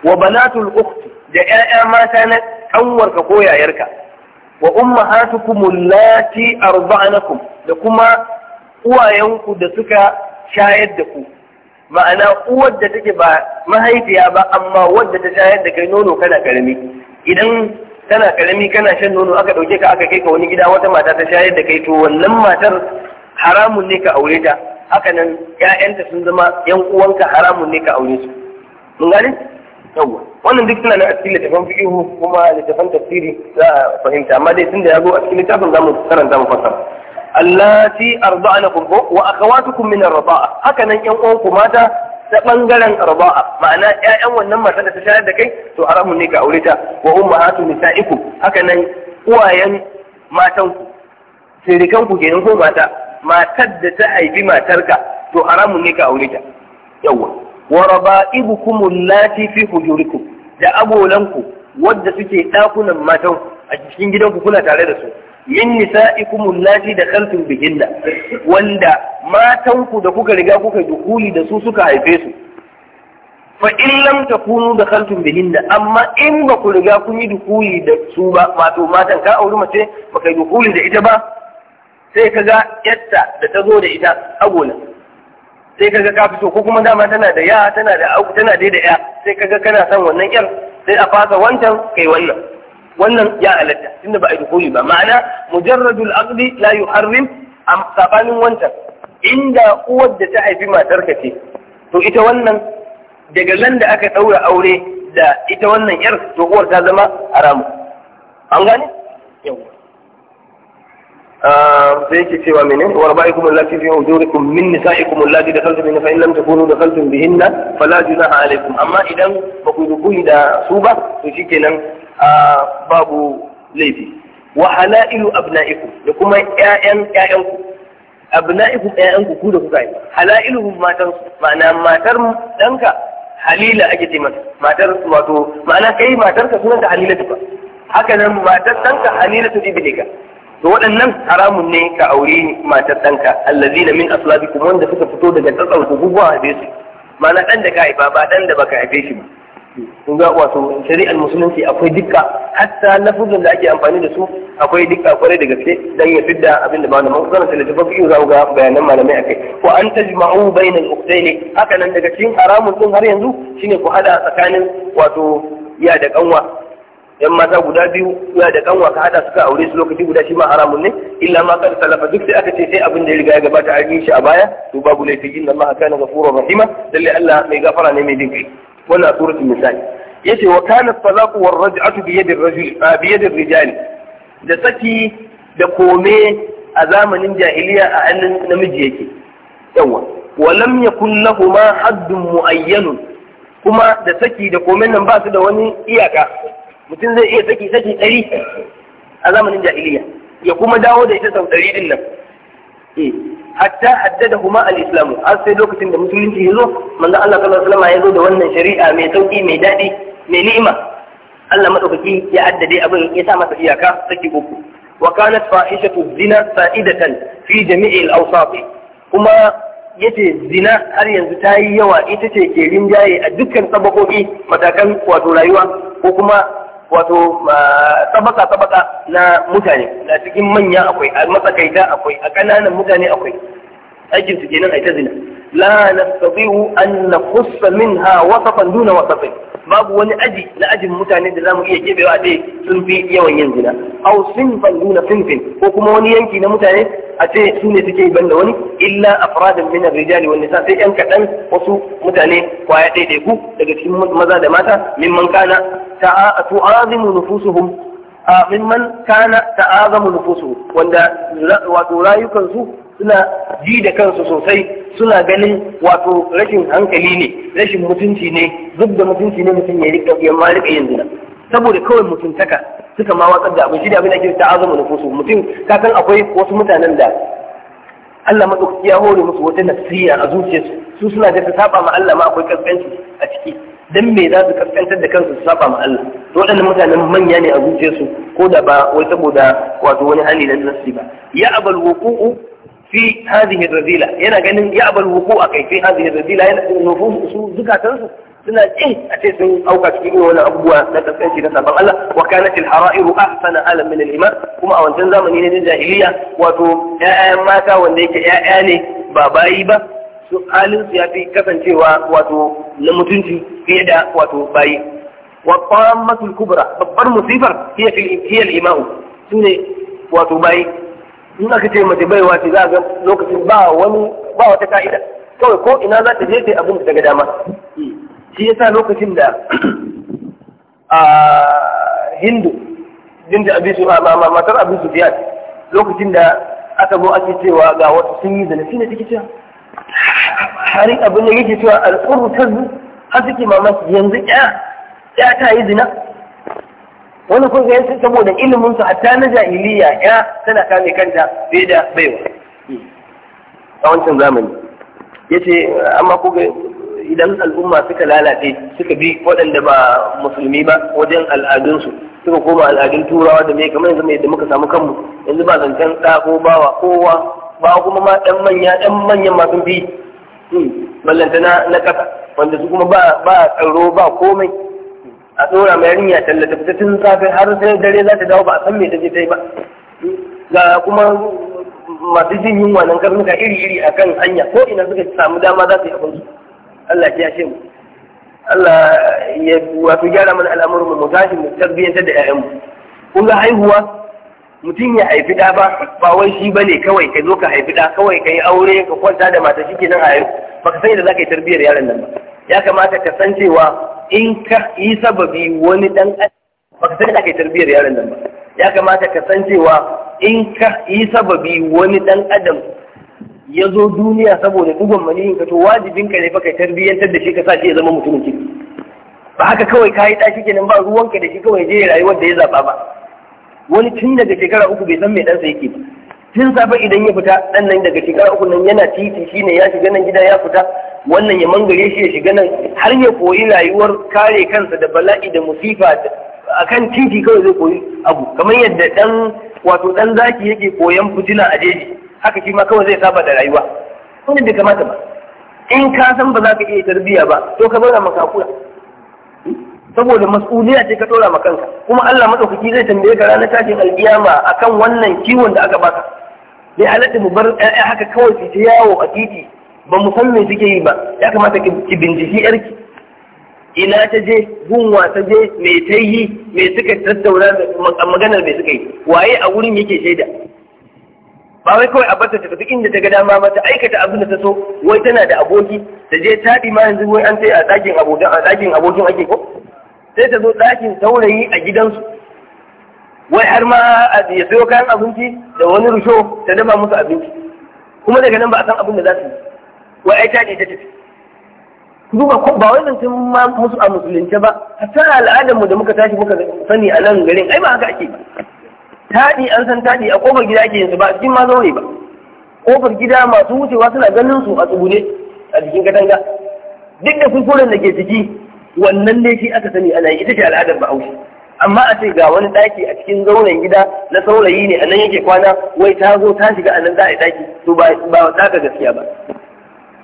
wa banatul ukhti da ƴaƴa mata na ƙanwarka ko yayarka wa ummahatukum lati arba'anakum da kuma uwayenku da suka shayar da ku ma'ana uwar da take ba mahaifiya ba amma wadda ta shayar da kai nono kana karami idan tana karami kana shan nono aka dauke ka aka kai ka wani gida wata mata ta shayar da kai to wannan matar haramun ne ka aure ta haka nan ƴaƴanta sun zama ƴan uwanka haramun ne ka aure su mun gane yawwa wannan duk suna nan a cikin littafin fiqhu kuma littafin tafsiri za a fahimta amma dai tunda ya zo a cikin littafin zamu karanta mu fasara allati arda'anakum wa akhawatukum min arda'a haka nan yan uwanku mata ta bangaren arda'a ma'ana ƴaƴan wannan mata da ta shayar da kai to haramun ne ka aure ta wa ummahatu nisa'ikum haka nan uwayen matanku sirikan ku kenan ko mata matar da ta haifi matarka to haramun ne ka aure ta yawwa wa raba'ibukum allati fi hujurikum da abolanku wadda suke dakunan matan a cikin gidanku kuna tare da su min nisa'ikum allati dakhaltum bihinna wanda matanku da kuka riga kuka dukuli da su suka haife su fa in lam takunu dakhaltum bihinna amma in ba ku riga kun yi dukuli da su ba wato matan ka auri mace ba kai dukuli da ita ba sai kaga yatta da ta zo da ita agola sai kaga ka fito ko kuma dama tana da ya tana da auku tana dai da ya sai kaga kana son wannan yar sai a fasa wancan kai wannan wannan ya alatta, tunda ba a dukuli ba ma'ana mujarradul aqdi la yuharrim am sabanin wancan inda uwar da ta haifi matar ka ce to ita wannan daga nan da aka daura aure da ita wannan yar to uwar ta zama haramu an gane sai yake cewa mene wa raba'ikum allati fi min nisa'ikum allati bihinna fa in lam takunu bihinna fala junaha alaykum amma idan ba ku dukuyi da su ba to shikenan babu laifi wa halailu abna'ikum da kuma ƴaƴan ƴaƴanku abna'ikum ƴaƴanku ku da kuka yi halailu matan ma'ana matar danka halila ake ce mata matar wato ma'ana kai matarka sunanta halila ba haka nan matar danka halila tu ibnika to waɗannan haramun ne ka aure matar ɗanka allazina min aslabikum wanda suka fito daga tsatsan ku gugu a su ɗan da ka haifa ba ɗan da baka haife shi ba kun ga wato shari'ar musulunci akwai dukka hatta lafuzin da ake amfani da su akwai dukka kwarai da gaske dan ya fidda abin da malaman kana da tafi yau za ku bayanan malamai akai ko an tajma'u bainal ukhtayn haka nan daga cikin haramun din har yanzu shine ku hada tsakanin wato ya da kanwa yan mata guda biyu ya da kanwa ka hada suka aure su lokaci guda shi ma haramun ne illa ma kad salafa duk sai aka ce sai abin da ya riga ya gabata a yi shi a baya to babu laifi inna allaha kana ghafurur rahima dalle Allah mai gafara ne mai dinki wannan suratul misali yace wa kana talaqu war raj'atu bi yadi rajul bi yadi rijal da saki da kome a zamanin jahiliya a hannun namiji yake yawa wa lam yakun lahumu haddun muayyanun kuma da saki da komen nan ba su da wani iyaka mutum zai iya saki saki ɗari a zamanin jahiliya ya kuma dawo da ita sau ɗari din nan eh, hatta haddada huma al-islamu har sai lokacin da musulunci ya zo manzon Allah sallallahu alaihi wasallam ya zo da wannan shari'a mai sauki mai daɗi mai ni'ima Allah madaukaki ya addade abin ya sa masa iyaka saki uku wa kanat fahishatu zina sa'idatan fi jami'i al-awsaf kuma yace zina har yanzu ta yi yawa ita ce ke rinjaye a dukkan sabakoki matakan wato rayuwa ko kuma wato tabaka tabaka na mutane na cikin manya akwai a matsakaita akwai a ƙananan mutane akwai aikin su kenan ai ta zina la nastati'u an naqussa minha wasafan duna wasafin babu wani aji na ajin mutane da zamu iya kebewa a ce sun fi yawan yin zina aw sinfan duna sinfin ko kuma wani yanki na mutane a ce su ne suke da wani illa afradan min ar-rijali wan nisa sai yan kadan wasu mutane kwaya ku daga cikin maza da mata mimman kana ta'a tu'azimu nufusuhum mimman kana ta'azamu wanda wato rayukansu suna ji da kansu sosai suna ganin wato rashin hankali ne rashin mutunci ne zub da mutunci ne mutum ya rika ya ma rika yin saboda kawai mutuntaka suka ma watsar da abin shi da abin da ke ta azama nufusu mutum ka san akwai wasu mutanen da Allah madaukaki ya hore musu wata nasiya a zuciyarsu su suna da ta saba ma Allah ma akwai kaskanci a ciki dan me za su kaskantar da kansu su saba ma Allah to waɗannan mutanen manya ne a zuciyarsu ko da ba wai saboda wato wani hali na nasiba ba ya abal wuqu'u fi hadhihi razila yana ganin ya bar wuku a kai fi hadhihi razila yana ganin nufus su zukatansu suna kin a ce sun auka cikin wani abubuwa na kaskanci na sabon Allah wa kanat al hara'iru ahsana ala min al iman kuma a wancan zamani ne na jahiliya wato ƴaƴan mata wanda yake ƴaƴa ne ba bayi ba su halin su yafi kasancewa wato na mutunci fiye da wato bayi wa qamatul kubra babbar musibar hiya fi hiya al imau sune wato bayi in aka ce mace baiwa ce za ga lokacin ba wani ba wata ka'ida kawai ko ina za ta je ta abin daga dama shi ya sa lokacin da a hindu jinda abisu matar abisu biya lokacin da aka zo ake cewa ga wasu sun yi zane shi ne take cewa harin abin da yake cewa al'urru ta zu har suke mamaki yanzu ya ta yi zina wani kun sun saboda ilimin su hatta na jahiliya ya tana kame kanta fiye da baiwa a wancan zamani Ya ce amma ku idan al'umma suka lalace suka bi waɗanda ba musulmi ba wajen al'adunsu suka koma al'adun turawa da mai kamar yanzu mai da muka samu kanmu yanzu ba zancen ɗa ko bawa kowa ba kuma ma ɗan manya ɗan manyan masu bi hmm. ballanta na ƙasa wanda su kuma ba tsaro ba komai a tsora mai yarinya talla ta fita tun safe har sai dare za ta dawo ba a san me ta je ta yi ba ga kuma masu jin yunwa nan karnuka iri-iri a kan hanya ko ina suka samu dama za su yi abin Allah ya ce mu Allah ya wato gyara mana al'amuran mu tashi mu tarbiyyantar da ƴaƴan mu kun ga haihuwa mutum ya haifi da ba ba wai shi bane kawai ka zo ka haifi da kawai ka yi aure ka kwanta da mata shi kenan a haihu baka sani da za ka yi tarbiyyar yaron nan ba ya kamata ka san cewa in ka yi sababi wani dan san tarbiyyar yaron nan ba ya kamata ka san cewa in ka yi sababi wani dan adam ya zo duniya saboda dugon maniyin ka to wajibin ka ne kai tarbiyyantar da shi ka sa shi ya zama mutumin kirki ba haka kawai ka yi ɗaki kenan ba ruwanka da shi kawai je rayuwar da ya zaɓa ba wani tun daga shekara uku bai san mai ɗansa yake ba tun safe idan ya fita ɗan nan daga shekara uku nan yana titi shine ya shiga nan gida ya fita wannan ya mangare shi ya shiga nan har ya koyi rayuwar kare kansa da bala'i da musifa a kan titi kawai zai koyi abu kamar yadda ɗan wato ɗan zaki yake koyan fitila a jeji haka shi ma kawai zai saba da rayuwa wannan bai kamata ba in ka san ba za ka iya tarbiyya ba to ka zauna maka kula saboda mas'uliyya ce ka ɗora ma kanka kuma Allah madaukaki zai tambaye ka ranar tashin alkiyama akan wannan kiwon da aka baka bai halatta mu bar 'ya'ya haka kawai su yawo a titi ba mu san me suke yi ba ya kamata ki binciki yarki ina ta je gunwa ta je me ta yi me suka tattauna maganar me suka yi waye a wurin yake shaida ba wai kawai a bata ta tafi inda ta ga dama mata aikata abin da ta so wai tana da aboki ta je taɗi ma yanzu wai an sai a ɗakin abokin a dakin abokin ake ko sai ta zo dakin saurayi a gidansu wai har ma ya sayo kayan abinci da wani rusho ta dafa musu abinci kuma daga nan ba a san abin da za su yi wai ai jadi ta tafi duba ba wai zan ma musu a musulunce ba hatta al'adar mu da muka tashi muka sani a nan garin ai ba haka ake ba taɗi an san taɗi a kofar gida ake yin su ba cikin ma ba kofar gida masu wucewa suna ganin su a tsugune a jikin katanga duk da kuskuren da ke ciki wannan ne shi aka sani ana yi ita ce al'adar bahaushe amma a ce ga wani ɗaki a cikin zauren gida na saurayi ne a nan yake kwana wai ta zo ta shiga a nan za a yi ɗaki to ba ɗaka gaskiya ba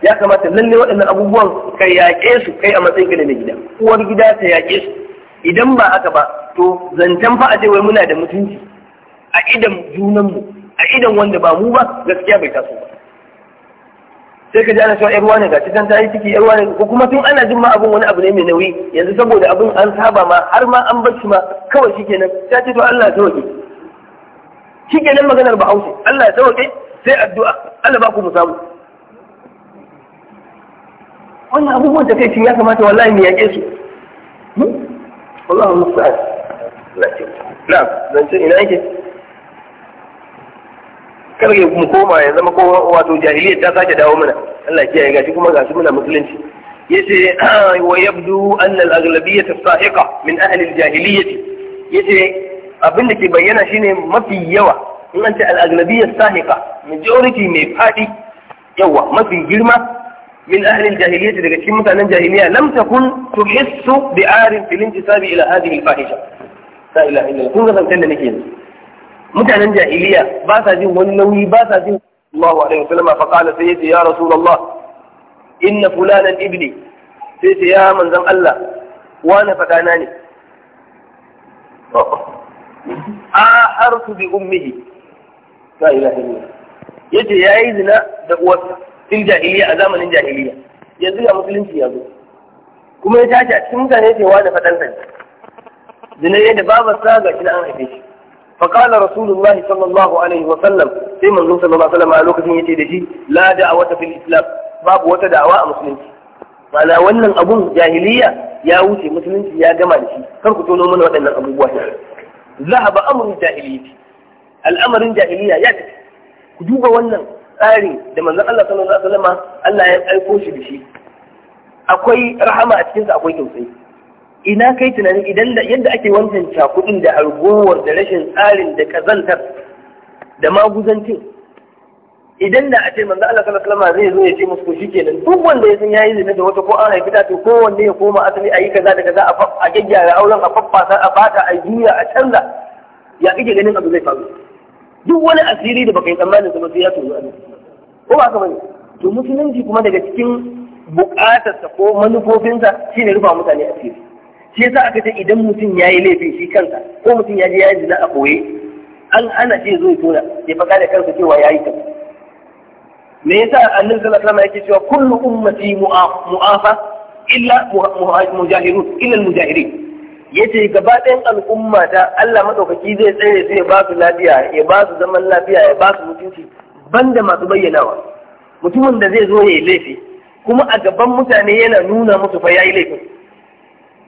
ya kamata lalle waɗannan abubuwan ka yaƙe su kai a matsayin ka da gida uwar gida ta yaƙe su idan ba aka ba to zancen fa a ce wai muna da mutunci a idan junanmu a idan wanda ba mu ba gaskiya bai taso ba sai ka ji ana cewa yar wani ga cikin ta yi ciki yar wani ko kuma tun ana jin ma abin wani abu ne mai nauyi yanzu saboda abin an saba ma har ma an bar shi ma kawai shi kenan ta ce to Allah ya tawake kenan maganar ba Allah ya tawake sai addu'a Allah ba ku mu wannan abubuwan da kai ya kamata wallahi mu yaƙe su hmm? wallahi musta'an na'am zance ina yake kar ya mu koma ya zama ko wato jahiliyyar ta sake dawo mana Allah kiyaye gashi kuma gashi muna musulunci yace [clears throat] wa yabdu an al-aghlabiyyah as-sa'iqa min ahli al-jahiliyyah yace abin da ke bayyana shine mafi yawa in an ce al-aghlabiyyah as-sa'iqa majority mai fadi yawa mafi girma من أهل الجاهلية لكن مثلا جاهلية لم تكن تحس بعار في الانتساب إلى هذه الفاحشة لا إله إلا الله كنت فهمتنا نكين مثلا جاهلية باسا جن والنوي باسا جن الله عليه وسلم فقال سيدي يا رسول الله إن فلانا ابني سيدي يا من زم الله وأنا فتاناني آهرت بأمه لا إله إلا الله يجي يا إذن دقوتنا fil jahiliya a zamanin jahiliya yanzu ya musulunci ya zo kuma ya tashi a cikin mutane ce wa da fadan sai zinare da babar sa ga shi an haife shi fa qala rasulullah sallallahu alaihi wa sallam sai manzon sallallahu alaihi wa sallam a lokacin yace da shi la da'awata fil islam babu wata da'awa a musulunci wannan abun jahiliya ya wuce musulunci ya gama da shi kar ku tono mana waɗannan abubuwa zahaba amrul al'amarin jahiliya ya tafi ku duba wannan tsari da manzon Allah sallallahu alaihi wasallam Allah ya aiko shi da shi akwai rahama a cikinsa akwai tausayi ina kai tunanin idan da yadda ake wancan cakudin da arguwar da rashin tsarin da kazantar da maguzancin idan da ake manzan manzo Allah sallallahu alaihi zai zo ya ce musu ke nan. duk wanda ya san yayi zina da wata ko an haifi ta to ko ya koma asali ayi kaza da kaza a gaggyara auren a faffasa a bata a juya a canza ya kike ganin abu zai faru duk wani asiri da baka yi tsammanin sama sai ya tozo a ko ba haka bane to musulunci kuma daga cikin bukatarsa ko manufofinsa ne rufa mutane asiri shi yasa aka ce idan mutum ya yi laifin shi kansa ko mutum ya je ya zina a koye an ana ce zo tona ya faɗa da kansa cewa ya yi ta me yasa annabi sallallahu alaihi wasallam ke cewa kullu ummati mu'afa illa mujahirun illa ya ce gaba ɗayan al'umma ta Allah maɗaukaki zai tsare su ya ba su lafiya ya ba su zaman lafiya ya ba su mutunci banda masu bayyanawa mutumin da zai zo ya yi laifi kuma a gaban mutane yana nuna musu fa ya yi laifin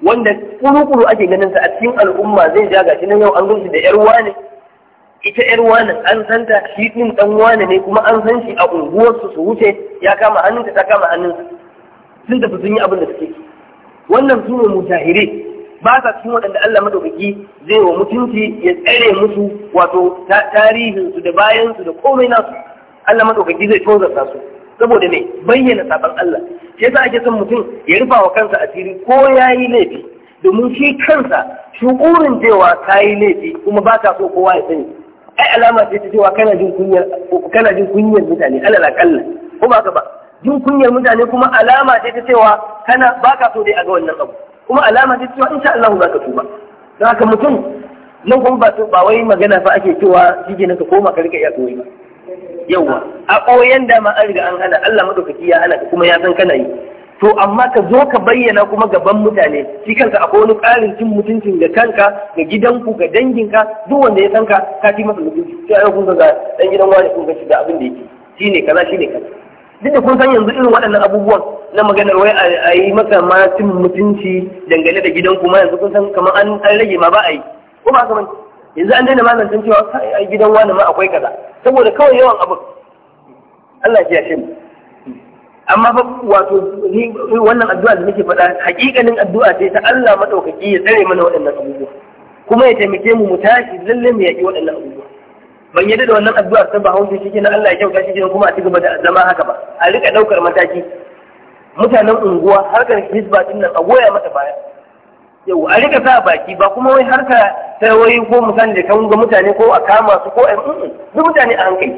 wanda kuru-kuru ake ganin sa a cikin al'umma zai ja gashi nan yau an gudu da yar wane ita yar wane an san ta shi ɗin ɗan wane ne kuma an san shi a unguwarsu su wuce ya kama hannunta ta kama hannunsa sun tafi sun yi abin da suke wannan su ne mujahirai ba sa cikin waɗanda Allah madaukaki zai wa mutunci ya tsare musu wato tarihin su da bayan su da komai nasu Allah madaukaki zai tozarta su saboda me bayyana sabon Allah shi yasa ake son mutum ya rufa wa kansa asiri ko yayi laifi domin shi kansa shukurin cewa kayi laifi kuma ba ka so kowa ya sani ai alama ce ta cewa kana jin kunyar kana jin kunyar mutane alal akalla ko ba ka ba jin kunyar mutane kuma alama ce ta cewa kana ba ka so dai a ga wannan abu kuma alama ta cewa insha Allah za ka tuba don haka mutum nan kuma ba ba wai magana fa ake cewa shi ka koma ka rika iya koyi ba yawa a koyan da ma an riga an hana Allah madaukaki ya hana ka kuma ya san kana yi to amma ka zo ka bayyana kuma gaban mutane shi kanka akwai wani ƙarin cin mutuncin ga kanka ga gidanku ga danginka duk wanda ya san ka ka ci masa mutunci sai kun ga dan gidan wani kun ga shi da abin da yake shine kaza shine kaza duk da kun san yanzu irin waɗannan abubuwan na maganar wai a yi maka ma cin mutunci dangane da gidan kuma yanzu kun san kamar an rage ma ba a yi ko ba haka yanzu an daina magantan cewa a gidan wani ma akwai kaza saboda kawai yawan abin Allah ya shi amma fa wato ni wannan addu'a da nake faɗa hakikanin addu'a ce ta Allah madaukaki ya tsare mana waɗannan abubuwa kuma ya taimake mu mu tashi lalle mu yaƙi waɗannan abubuwa ban yadda da wannan addu'ar ta bahaushe shi kenan Allah ya kyauta shi kenan kuma a ci gaba da zama haka ba a rika daukar mataki mutanen unguwa harkar hisba din nan a goya mata baya yau a rika sa baki ba kuma wai harka ta wai ko misali da kan ga mutane ko a kama su ko a su mutane a hankali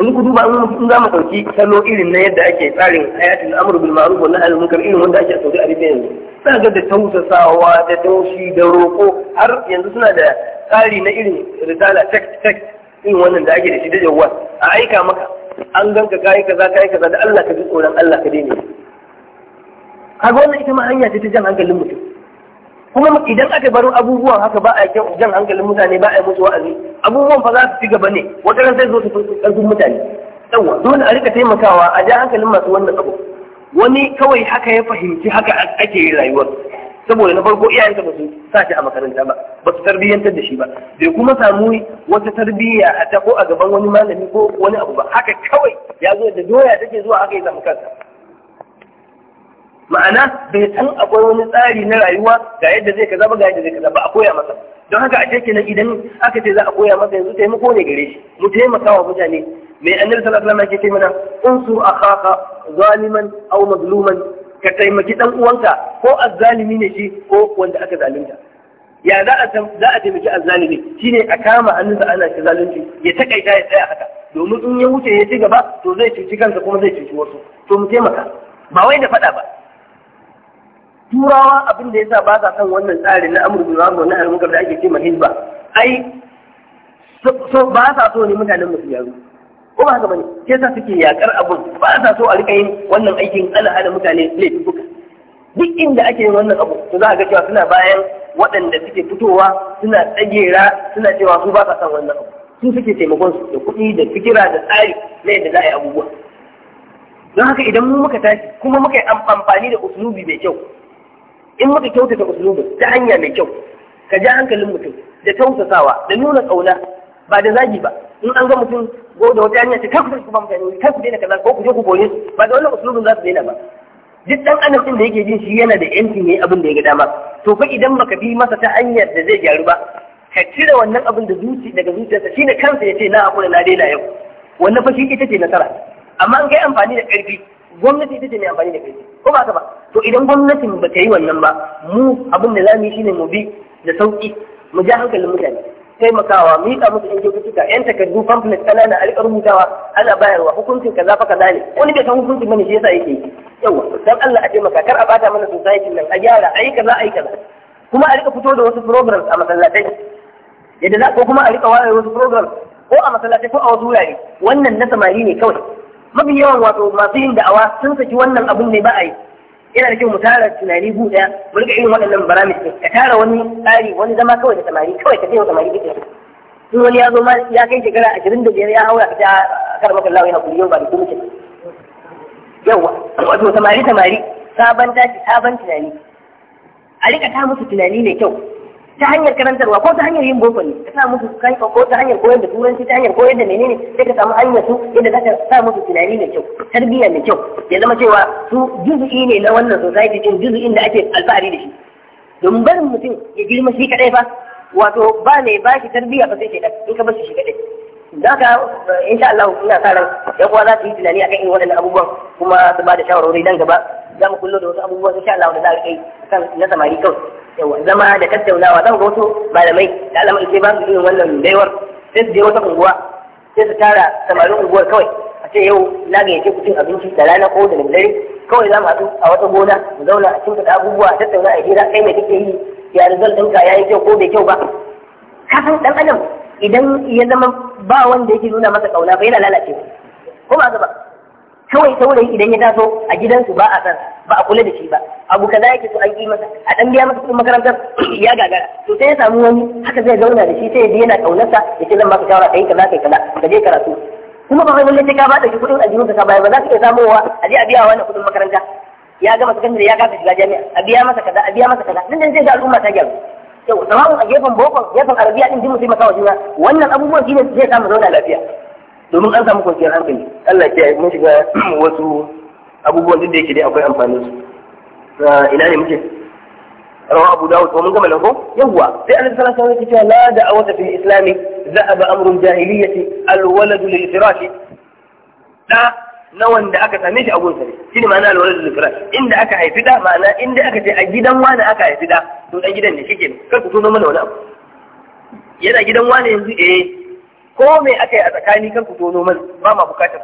in ku duba in za mu dauki salo irin na yadda ake tsarin hayatul amru bil ma'ruf wa nahy anil munkar irin wanda ake a Saudi Arabia yanzu za ga da tausasawa da taushi da roko har yanzu suna da tsari na irin risala text text irin wannan da ake da shi da jawwa a aika maka an ganka kai kaza kai kaza da Allah ka ji tsoron Allah ka daina kaga wannan ita ma hanya ce ta jan hankalin mutum kuma idan aka bar abubuwan haka ba a jan hankalin mutane ba a yi musu wa'azi abubuwan fa za su ci gaba ne wata ran sai zo su karfin mutane yawa dole a rika taimakawa a ja hankalin masu wannan abu wani kawai haka ya fahimci haka ake rayuwar saboda na farko iyayensa ba su sa shi a makaranta ba ba su tarbiyyantar da shi ba bai kuma samu wata tarbiyya a ta ko a gaban wani malami ko wani abu ba haka kawai ya zo da doya take zuwa haka yi samu kansa ma'ana bai san akwai wani tsari na rayuwa ga yadda zai kaza ba ga yadda zai kaza ba a koya masa don haka a cikin idan aka ce za a koya masa yanzu taimako ne gare shi mu taimaka wa mutane mai annabi sallallahu alaihi wasallam yake ce mana unsur akhaka zaliman aw mazluman ka taimaki dan uwanka ko azzalimi ne shi ko wanda aka zalunta ya za a za a taimaki azzalimi shine a kama da ana shi zalunci ya takaita ya tsaya haka domin in ya wuce ya ci gaba to zai cuci kansa kuma zai cuci wasu to mu taimaka ba wai da faɗa ba turawa abin da yasa ba sa son wannan tsarin na amurka da na almukar da ake ce ma ai so ba sa so ne mutanen musu yaro ko ba haka bane ke sa suke yakar abun ba sa so a rika yin wannan aikin ala hada mutane laifin duka duk inda ake yin wannan abu to za a ga cewa suna bayan waɗanda suke fitowa suna tsagera suna cewa su ba sa son wannan abu su suke taimakon su da kuɗi da fikira da tsari na yadda za a yi abubuwa don haka idan mu muka tashi kuma muka yi amfani da usulubi mai kyau in muka kyautata usulubi ta hanya mai kyau ka ja hankalin mutum da tausasawa da nuna ƙauna ba da zagi ba in an ga mutum go da wata hanya ce kar ku tashi kuma mutane wuri kar ku daina kaza ko ku je ku goye ba da wannan usulubin za su daina ba duk dan adam din da yake jin shi yana da yanci ne abin da ya ga dama to fa idan baka bi masa ta hanyar da zai gyaru ba ka cire wannan abin da zuci daga zuciyarsa shine kansa ya ce na hakura na daina yau wannan fa shi ita ce nasara amma an kai amfani da karfi gwamnati ita ce mai amfani da kai ko ba ka ba to idan gwamnatin ba ta yi wannan ba mu abin da zamu yi shine mu bi da sauki mu ja hankalin mutane taimakawa miƙa musu yan kyaututtuka yan takardu pamphlet ƙanana a riƙa rubutawa ana bayarwa hukuncin kaza fa kaza ne wani bai san hukuncin bane shi yasa yake yawa dan Allah a taimaka kar a bata mana society nan a gyara ayi kaza ayi kaza kuma a riƙa fito da wasu programs a masallatai yadda za ko kuma a riƙa wayar wasu programs ko a masallatai ko a wasu wurare wannan na samari ne kawai mafi yawan wato masu yin da'awa sun saki wannan abun ne ba a yi yana da kyau mu tara tunani bu daya mu rika irin waɗannan baramis ne ka tara wani tsari wani zama kawai da samari kawai ka taimaka samari kake in wani ya zo ma ya kai shekara ashirin da biyar ya haura ka ta kar maka lawa yana kuliyar ba da kuma ce yawa wato samari samari sabon tashi sabon tunani a rika ta musu tunani mai kyau ta hanyar karantarwa ko ta hanyar yin boko ne ka sa musu kanka ko ta hanyar koyar da turanci ta hanyar koyar da menene sai ka samu hanyar su yadda za ka sa musu tunani mai kyau tarbiyya mai kyau ya zama cewa su juzu'i ne na wannan society din juzu'in da ake alfahari da shi don barin mutum ya girma shi kadai fa wato ba ne ba shi tarbiyya ba sai shi in ka bar shi kadai za ka eh, insha Allah ina sa ran ya kuwa za su yi tunani akan irin waɗannan abubuwan kuma su ba da shawarwari dan gaba za mu kullo da wasu abubuwan insha Allah da za a kai kan na samari kawai yawa zama da tattaunawa zan ga wasu malamai da alamar sai ba su irin wannan baiwar sai su je wata unguwa sai su tara samarin unguwar kawai a ce yau na ga ku cin abinci da rana ko da dare kawai za mu haɗu a wata gona mu zauna a cikin abubuwa a tattauna a hira kai mai kake yi ya rizal ɗinka ya yi kyau ko bai kyau ba kafin ɗan adam idan ya zama ba wanda yake nuna masa ƙauna ba yana lalacewa ko ba ba kawai saurayi idan ya taso a gidansu ba a san ba a kula da shi ba abu kaza yake so an yi masa a dan biya masa kuɗin makarantar [clears throat] ya gagara to sai ya samu wani haka zai zauna da shi sai ya je yana kaunarsa ya ce zan maka shawara kai kaza kai kaza ka je karatu kuma ba wai lallai ka bada shi kuɗin aljihun ka baya ba za ka iya samowa a je a biya wa wannan kuɗin makaranta ya gama sakandare ya kasa shiga jami'a a biya masa kaza a biya masa kaza nan zai ga al'umma ta gyaru yau sama'un a gefen bokon gefen arabiya din ji musulma kawo juna wannan abubuwan ne zai samu zauna lafiya domin an samu kwanciyar hankali Allah ke mun shiga [clears throat] wasu abubuwan duk da yake dai akwai amfanin su ina ne muke rawa abu dawud to mun gama lafo yawa sai Allah sallallahu alaihi wasallam ya ce la da'awata fi islami dhahaba amrul jahiliyyati al walad lil da na wanda aka same shi a gonsa ne shine ma'ana al lilfirash inda aka haifi da ma'ana inda aka ce a gidan wani aka haifi da to dan gidan ne shike kar ku tono mana wani abu yana gidan wani yanzu eh ko me aka yi a tsakani kan ku tono mana ba ma bukatar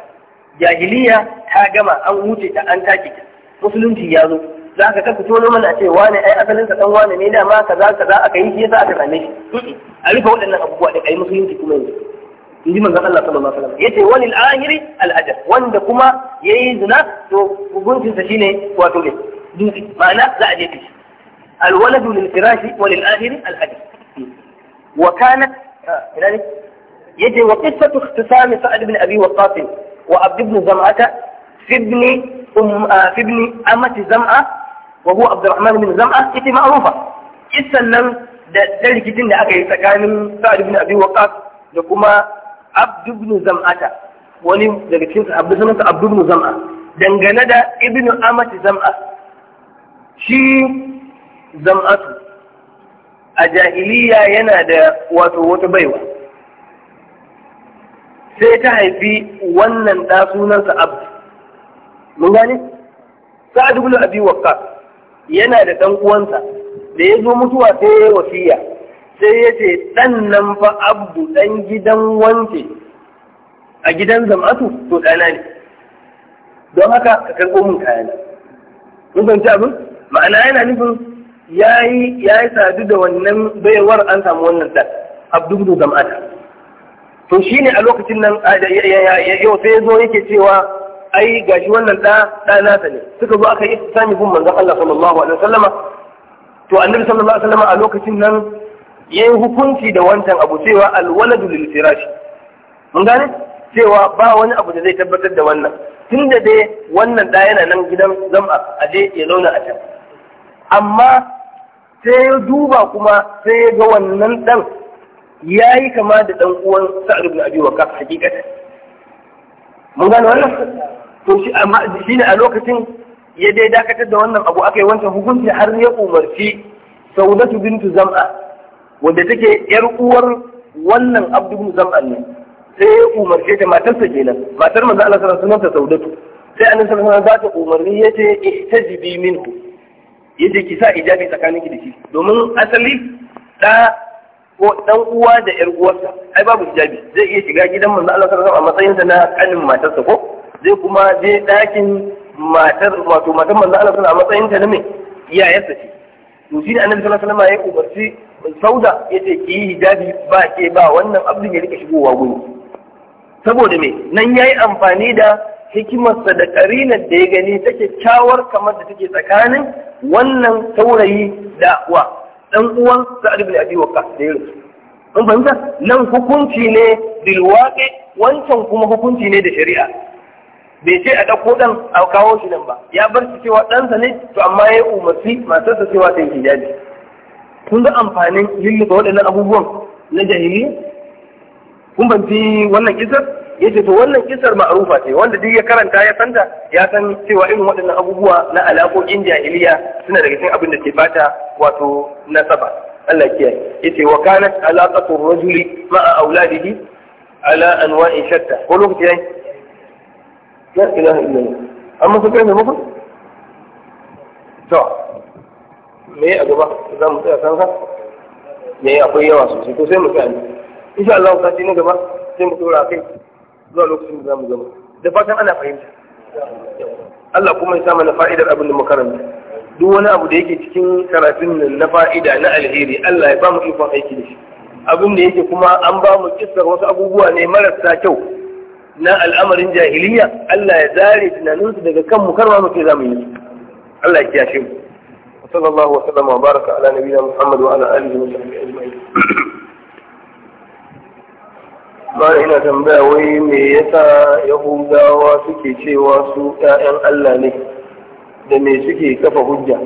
jahiliya ta gama an wuce ta an take ta musulunci ya zo za ka ku tono mana a ce wane ai asalin ka dan wane ne ma kaza kaza aka yi shi yasa aka same shi a rufe waɗannan abubuwa da kai musulunci kuma yanzu in ji manzon Allah sallallahu alaihi wasallam yace wani al'ahiri al'ajar wanda kuma yayi zina to hukuncinsa shine wato ne dutse ma'ana za a je shi الولد للفراش وللآخر الحديث وكانت ne. yace wa qissatu ikhtisami sa'ad ibn abi waqqas wa zam'ata fi amati zam'a wa huwa abd alrahman zam'a ita ma'rufa kissan nan da dan rikicin da aka yi tsakanin sa'ad ibn abi waqqas da kuma abd zam'ata wani daga cikin sahabbai zam'a dangane da ibn amati zam'a shi zam'atu a jahiliya yana da wato baiwa sai ta haifi wannan ɗa sunansa abdu mun gane sa'ad ibn abi waqqas yana da ɗan uwansa da ya zo mutuwa sai ya wasiya sai ya ce ɗan nan fa abdu ɗan gidan wanke a gidan zam'atu to ɗana ne don haka ka karɓo min kayana mun fahimci abin ma'ana yana nufin ya yi sadu da wannan baiwar an samu wannan ɗan abdu zam'ata to shi ne a lokacin nan yau sai zo yake cewa ai gashi wannan da da nasa ne suka zo aka yi sami gun manzon Allah sallallahu alaihi wasallama to annabi sallallahu alaihi wasallama a lokacin nan yayi hukunci da wancan abu cewa waladu lil firashi mun gane cewa ba wani abu da zai tabbatar da wannan tun da dai wannan da yana nan gidan zama a je ya zauna a can amma sai ya duba kuma sai ya ga wannan dan ya yi kama da ɗan uwan sa'ad ibn abi waqas hakikatan mun gano wannan to shi amma shine a lokacin ya dai dakatar da wannan abu aka yi wancan hukunci har ya umarci saudatu bintu zam'a wanda take yar uwar wannan abdu bin zam'a ne sai ya umarce ta matarsa kenan matar manzo Allah sallallahu alaihi wasallam saudatu sai annabi sallallahu alaihi wasallam ta umarni yace ihtajibi minhu yace ki sa ijabi tsakaninki da shi domin asali da ko dan uwa da yar uwarsa ai babu hijabi zai iya shiga gidan manzo Allah sallallahu alaihi wasallam a matsayin sa na kanin matarsa ko zai kuma je dakin matar wato matar manzo Allah sallallahu alaihi wasallam a matsayin ta na me iyayarsa ce to shi ne annabi sallallahu alaihi wasallam ya umarci sauda yace ki yi hijabi ba ke ba wannan abdin ya rika shigowa gurin saboda me nan yayi amfani da hikimarsa da karinar da ya gani take kyakkyawar kamar da take tsakanin wannan saurayi da wa dan uwan Sa'ad ibn Abi Waqqas da ya kun fahimta nan hukunci ne bil waqi wancan kuma hukunci ne da shari'a bai ce a ɗauko ɗan a kawo shi nan ba ya bar shi cewa ɗansa ne to amma ya umarci sa cewa ta yi hijabi kun ga amfanin lullufa waɗannan abubuwan na jahili? kun banci wannan kisar yace to wannan kisar ma'rufa ce wanda duk ya karanta ya santa ya san cewa irin waɗannan abubuwa na alaƙoƙin jahiliya suna daga cikin abin da ke bata wato nasaba Allah ya kiyaye yace wa kanat alaqatu rajuli ma'a auladihi ala anwa'i shatta ko lokaci yayi la ilaha illallah amma su kai ne muku to me a gaba za mu tsaya san ka me akwai yawa sosai to sai mu tsaya insha Allah ka ci na gaba sai mu tura kai zuwa lokacin da zamu gaba da fatan ana fahimta Allah kuma ya samu na fa'idar abin da muka karanta. duk wani abu da yake cikin karatun nan na fa'ida na alheri Allah ya bamu ikon aiki da shi abin da yake kuma an ba mu kissar wasu abubuwa ne marasa kyau na al'amarin jahiliya Allah ya zare tunaninsu daga kan mu karwa muke zamu yi Allah ya kiyashe mu sallallahu wa sallama wa baraka ala nabiyina Muhammad wa ala alihi wa sahbihi ajma'in ba ina tambaya wai me yasa yahudawa suke cewa su ƴaƴan Allah ne da me suke kafa hujja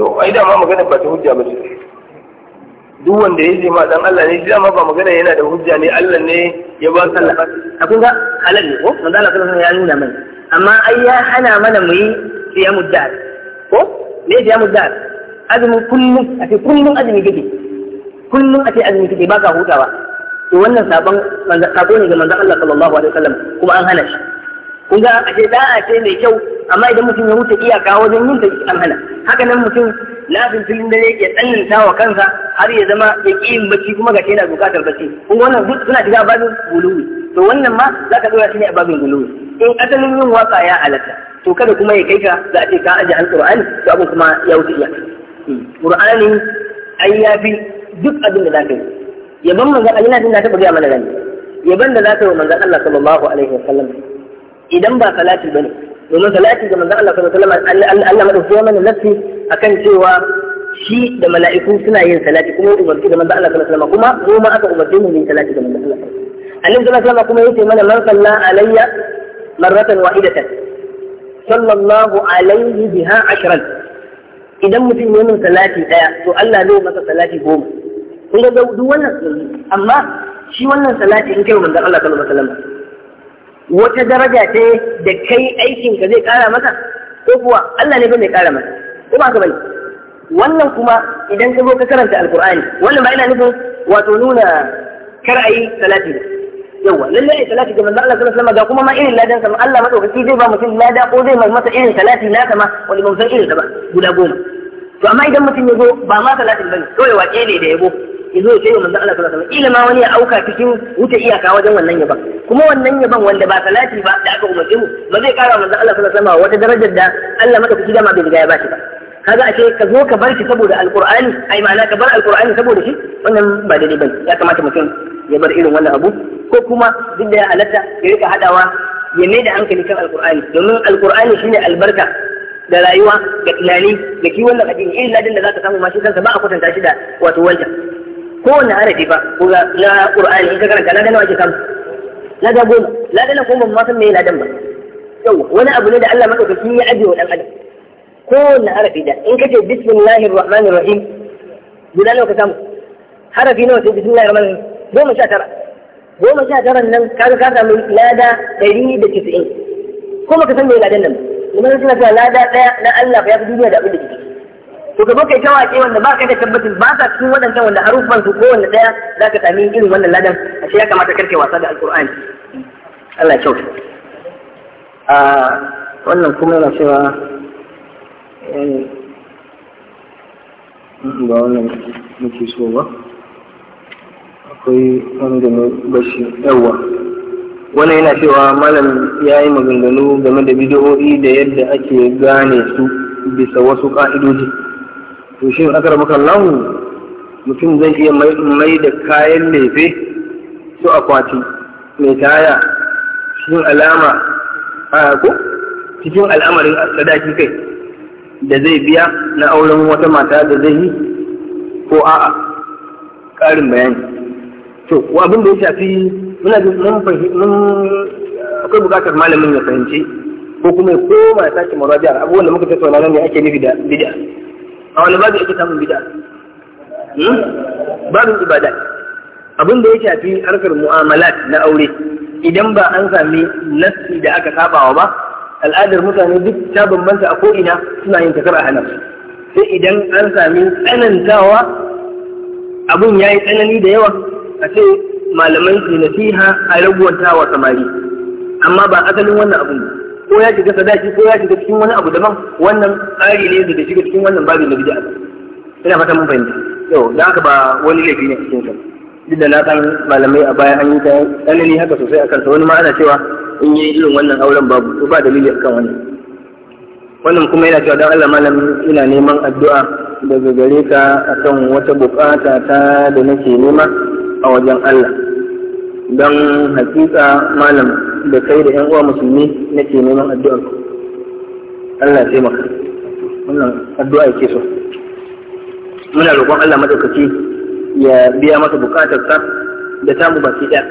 to ai dama magana ba ta hujja ba ce duk wanda ya ce ma dan Allah ne dama ba magana yana da hujja ne Allah ne ya ba sallah. Allah kun ga halal ne ko manzo Allah sallallahu ya nuna mana amma ai ya hana mana mu yi siyamud dar ko me siyamud dar azumin kullum a ce kullum azumi gidi kullum a ce azumi ba baka hutawa wannan sabon sabo ne ga manzon Allah sallallahu alaihi wasallam kuma an hana shi kun ga da a ce mai kyau amma idan mutum ya wuce iyaka wajen yin ta an hana haka nan mutum lafin filin dare ya tsananta wa kansa har ya zama ya ƙi yin bacci kuma ga yana bukatar bacci kun wannan duk suna shiga babin guluwi to wannan ma za ka dora shi ne a babin guluwi in asalin yin waka ya alaka to kada kuma ya kai ka za a ce ka aje qurani to abin kuma ya wuce iyaka hmm. qur'ani ai ya fi duk abin da za ka yi yaban manzon Allah yana jin na taɓa gaya mana gani yaban da za ta yi manzon Allah sallallahu alaihi wa idan ba salati bane domin salati ga manzon Allah sallallahu alaihi wa Allah madauki zuwa mana nafsi akan cewa shi da mala'iku suna yin salati kuma ya umarci da manzon Allah sallallahu alaihi wa kuma mu ma aka umarce mu yin salati ga manzon Allah annabi sallallahu alaihi wa sallam kuma yace mana man salla alayya marratan wahidatan sallallahu alaihi biha ashran idan mutum ya min salati daya to Allah zai masa salati goma kun ga duk wannan amma shi wannan salati in kai manzon Allah sallallahu alaihi wasallam wata daraja ce da kai aikin ka zai kara maka ko kuwa Allah ne ba mai kara maka ko ba ka bane wannan kuma idan ka zo ka karanta alqur'ani wannan ba ina nufin wato nuna kar ayi salati ba yawa lallai salati ga manzo Allah sallallahu alaihi wasallam ga kuma ma irin ladan sa Allah madaukaki zai ba mutum lada ko zai masa irin salati na sama wani ban san irin ta ba guda goma to amma idan mutum ya zo ba ma salatin bane kawai waƙe ne da yabo yazo ya kai manzo Allah sallallahu alaihi wasallam ma wani ya auka cikin wuce iyaka wajen wannan yaban kuma wannan yaban wanda ba salati ba da aka umarce mu ba zai kara manzo Allah sallallahu alaihi wasallam wata darajar da Allah madaukaki dama bai riga ya bashi ba kaga a ce ka zo ka bar shi saboda alqur'ani ai ma'ana ka bar alqur'ani saboda shi wannan ba daidai bane ya kamata mutum ya bar irin wannan abu ko kuma duk da ya halatta ya rika hadawa ya mai da hankali kan alqur'ani domin alqur'ani shine albarka da rayuwa da tunani da kiwon da addini irin ladin da zaka samu ma shi kansa ba a kwatanta shi da wato wancan kowane harafi ba ko na qur'ani in ka karanta ladan nawa ake samu ladan goma ladan ko ban ma san me ladan ba yau wani abu ne da Allah madaukakin ya ajiye wa dan adam Ko kowane harafi da in ka ce bismillahir rahmanir rahim guda nawa ka samu harafi nawa sai bismillahir rahmanir rahim goma sha tara goma sha tara nan kaga ka samu lada ɗari da tisa'in kuma ka san me ladan nan ba kuma suna cewa lada ɗaya na Allah fa ya fi duniya da abin da ke to ka zo kai ta waƙe wanda ba ka da tabbacin ba sa cikin waɗancan wanda harufan su ko wanda ɗaya za ka sami irin wannan ladan a ya kamata karke wasa da alƙur'ani Allah ya kyau a ah, wannan kuma yana cewa eh, mm, ba wannan muke so ba akwai wanda ne bashi yawa Wani yana cewa malam ya yi maganganu game da bidiyo'i da yadda ake gane su bisa wasu ƙa'idoji to shi na maka lahu mutum zai iya mai da kayan lefe su akwati mai taya cikin alama a ko cikin al'amarin sadaki kai da zai biya na auren wata mata da zai yi ko a'a ƙarin bayani to wa abin da ya shafi muna jin mun akwai buƙatar malamin ya fahimci ko kuma ya koma ya sake murabiya abubuwan da muka tattauna ne ake nufi da bid'a a wani babu ake samun bid'a hmm? babu ibada abin da ya shafi harkar mu'amala na aure idan ba an sami nassi da aka sabawa ba al'adar mutane duk ta bambanta a ko'ina suna yin takar a halal sai idan an sami tsanantawa abin ya yi tsanani da yawa a ce malamai su nasiha a raguwanta wa samari amma ba asalin wannan abin ba ko ya shiga sadaki ko ya shiga cikin wani abu daban wannan tsari ne da shiga cikin wannan babin da bid'a ina fata mun fahimta yau da haka ba wani laifi ne cikin sa duk da na san malamai a baya an yi ta tsanani haka sosai a kansa wani ma ana cewa in yi irin wannan auren babu to ba dalili akan wannan wannan kuma yana cewa dan Allah malam ina neman addu'a daga gare ka akan wata bukata ta da nake nema a wajen Allah don hakika malam da kai da yan uwa musulmi nake neman addu'ar ku Allah ya taimaka wannan addu'a yake so muna roƙon Allah madaukaki ya biya masa bukatar ka da mu baki ɗaya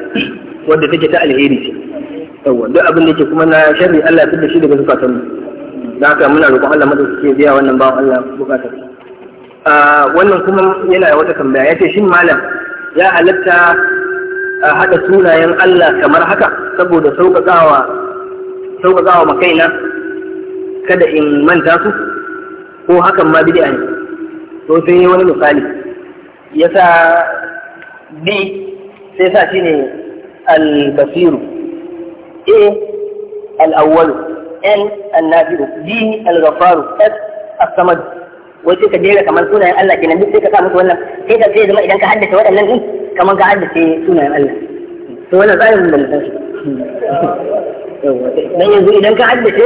wadda take ta alheri ce yawa duk abin da yake kuma na sharri Allah ya fitar shi daga zukatan mu da haka muna roƙon Allah madaukaki ya biya wannan bawan Allah bukatar ah, wannan kuma yana wata tambaya yace shin malam ya halatta a haɗa sunayen Allah kamar haka saboda sauƙaƙawa makaina kada in manta su ko hakan ma bid'a ne to sai yi wani misali ya sa b sai sa shi ne albasiru a al'awwalu n al-nafi'u d al-ghafaru s as-samad wai sai ka jera kamar sunayen Allah kenan duk sai ka sa musu wannan sai ka zai zama idan ka haddace waɗannan din kamar ka haddace sunayen Allah to wannan tsarin da mutum dan yanzu idan ka haddace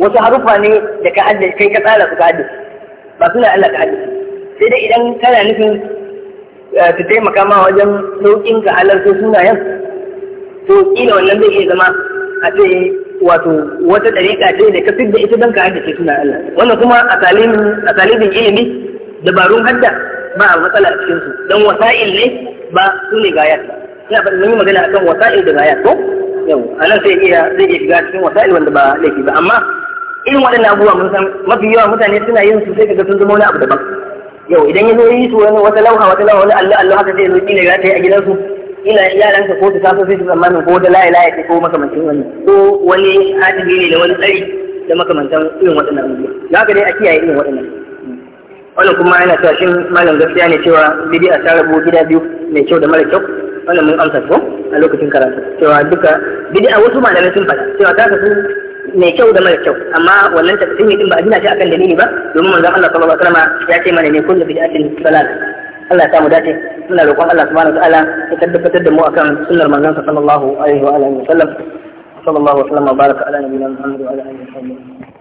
wasu harufa ne da ka haddace kai ka tsara su ka haddace ba sunayen Allah ka haddace sai dai idan kana nufin ta eh, taimaka ma wajen sauƙin ka halarta sunayen to kila wannan zai iya zama a ce wato wata dariƙa ce da kafin da ita don ka ce suna Allah wannan kuma a talibin ilimi dabarun hadda ba a matsala a cikinsu don wasa'il ne ba su ne gayat ba ina faɗin mun yi magana akan wasa'il da gayat ko yau a nan sai iya zai iya shiga cikin wasa'il wanda ba laifi ba amma irin waɗannan abubuwa mun san mafi yawa mutane suna yin su sai kaga sun zama wani abu daban yau idan ya zo yi su wani wata lauha wata lauha wani Allah Allah haka zai ya zo kila ya ta yi a gidansu ila ka ko ta taso zai su tsammanin ko da layi layi ce ko makamancin wani ko wani hadimi ne da wani tsari da makamantan irin waɗannan abubuwa da ga dai a kiyaye irin waɗannan wannan kuma yana cewa shin malam gaskiya ne cewa a tsara rabu gida biyu mai kyau da mara kyau wannan mun amsa ko a lokacin karatu cewa duka a wasu malamai sun faɗa cewa ta kasu mai kyau da mara kyau amma wannan tafsiri din ba a gina shi akan dalili ba domin manzon Allah sallallahu alaihi wasallam ya ce mana ne kullu bid'atin salat Allah ya samu dace suna roƙon Allah subhanahu ta'ala ya tabbatar da mu akan sunnar manzon sallallahu alaihi wa alihi wa sallam sallallahu alaihi wa sallam baraka ala nabiyina Muhammad wa ala alihi wa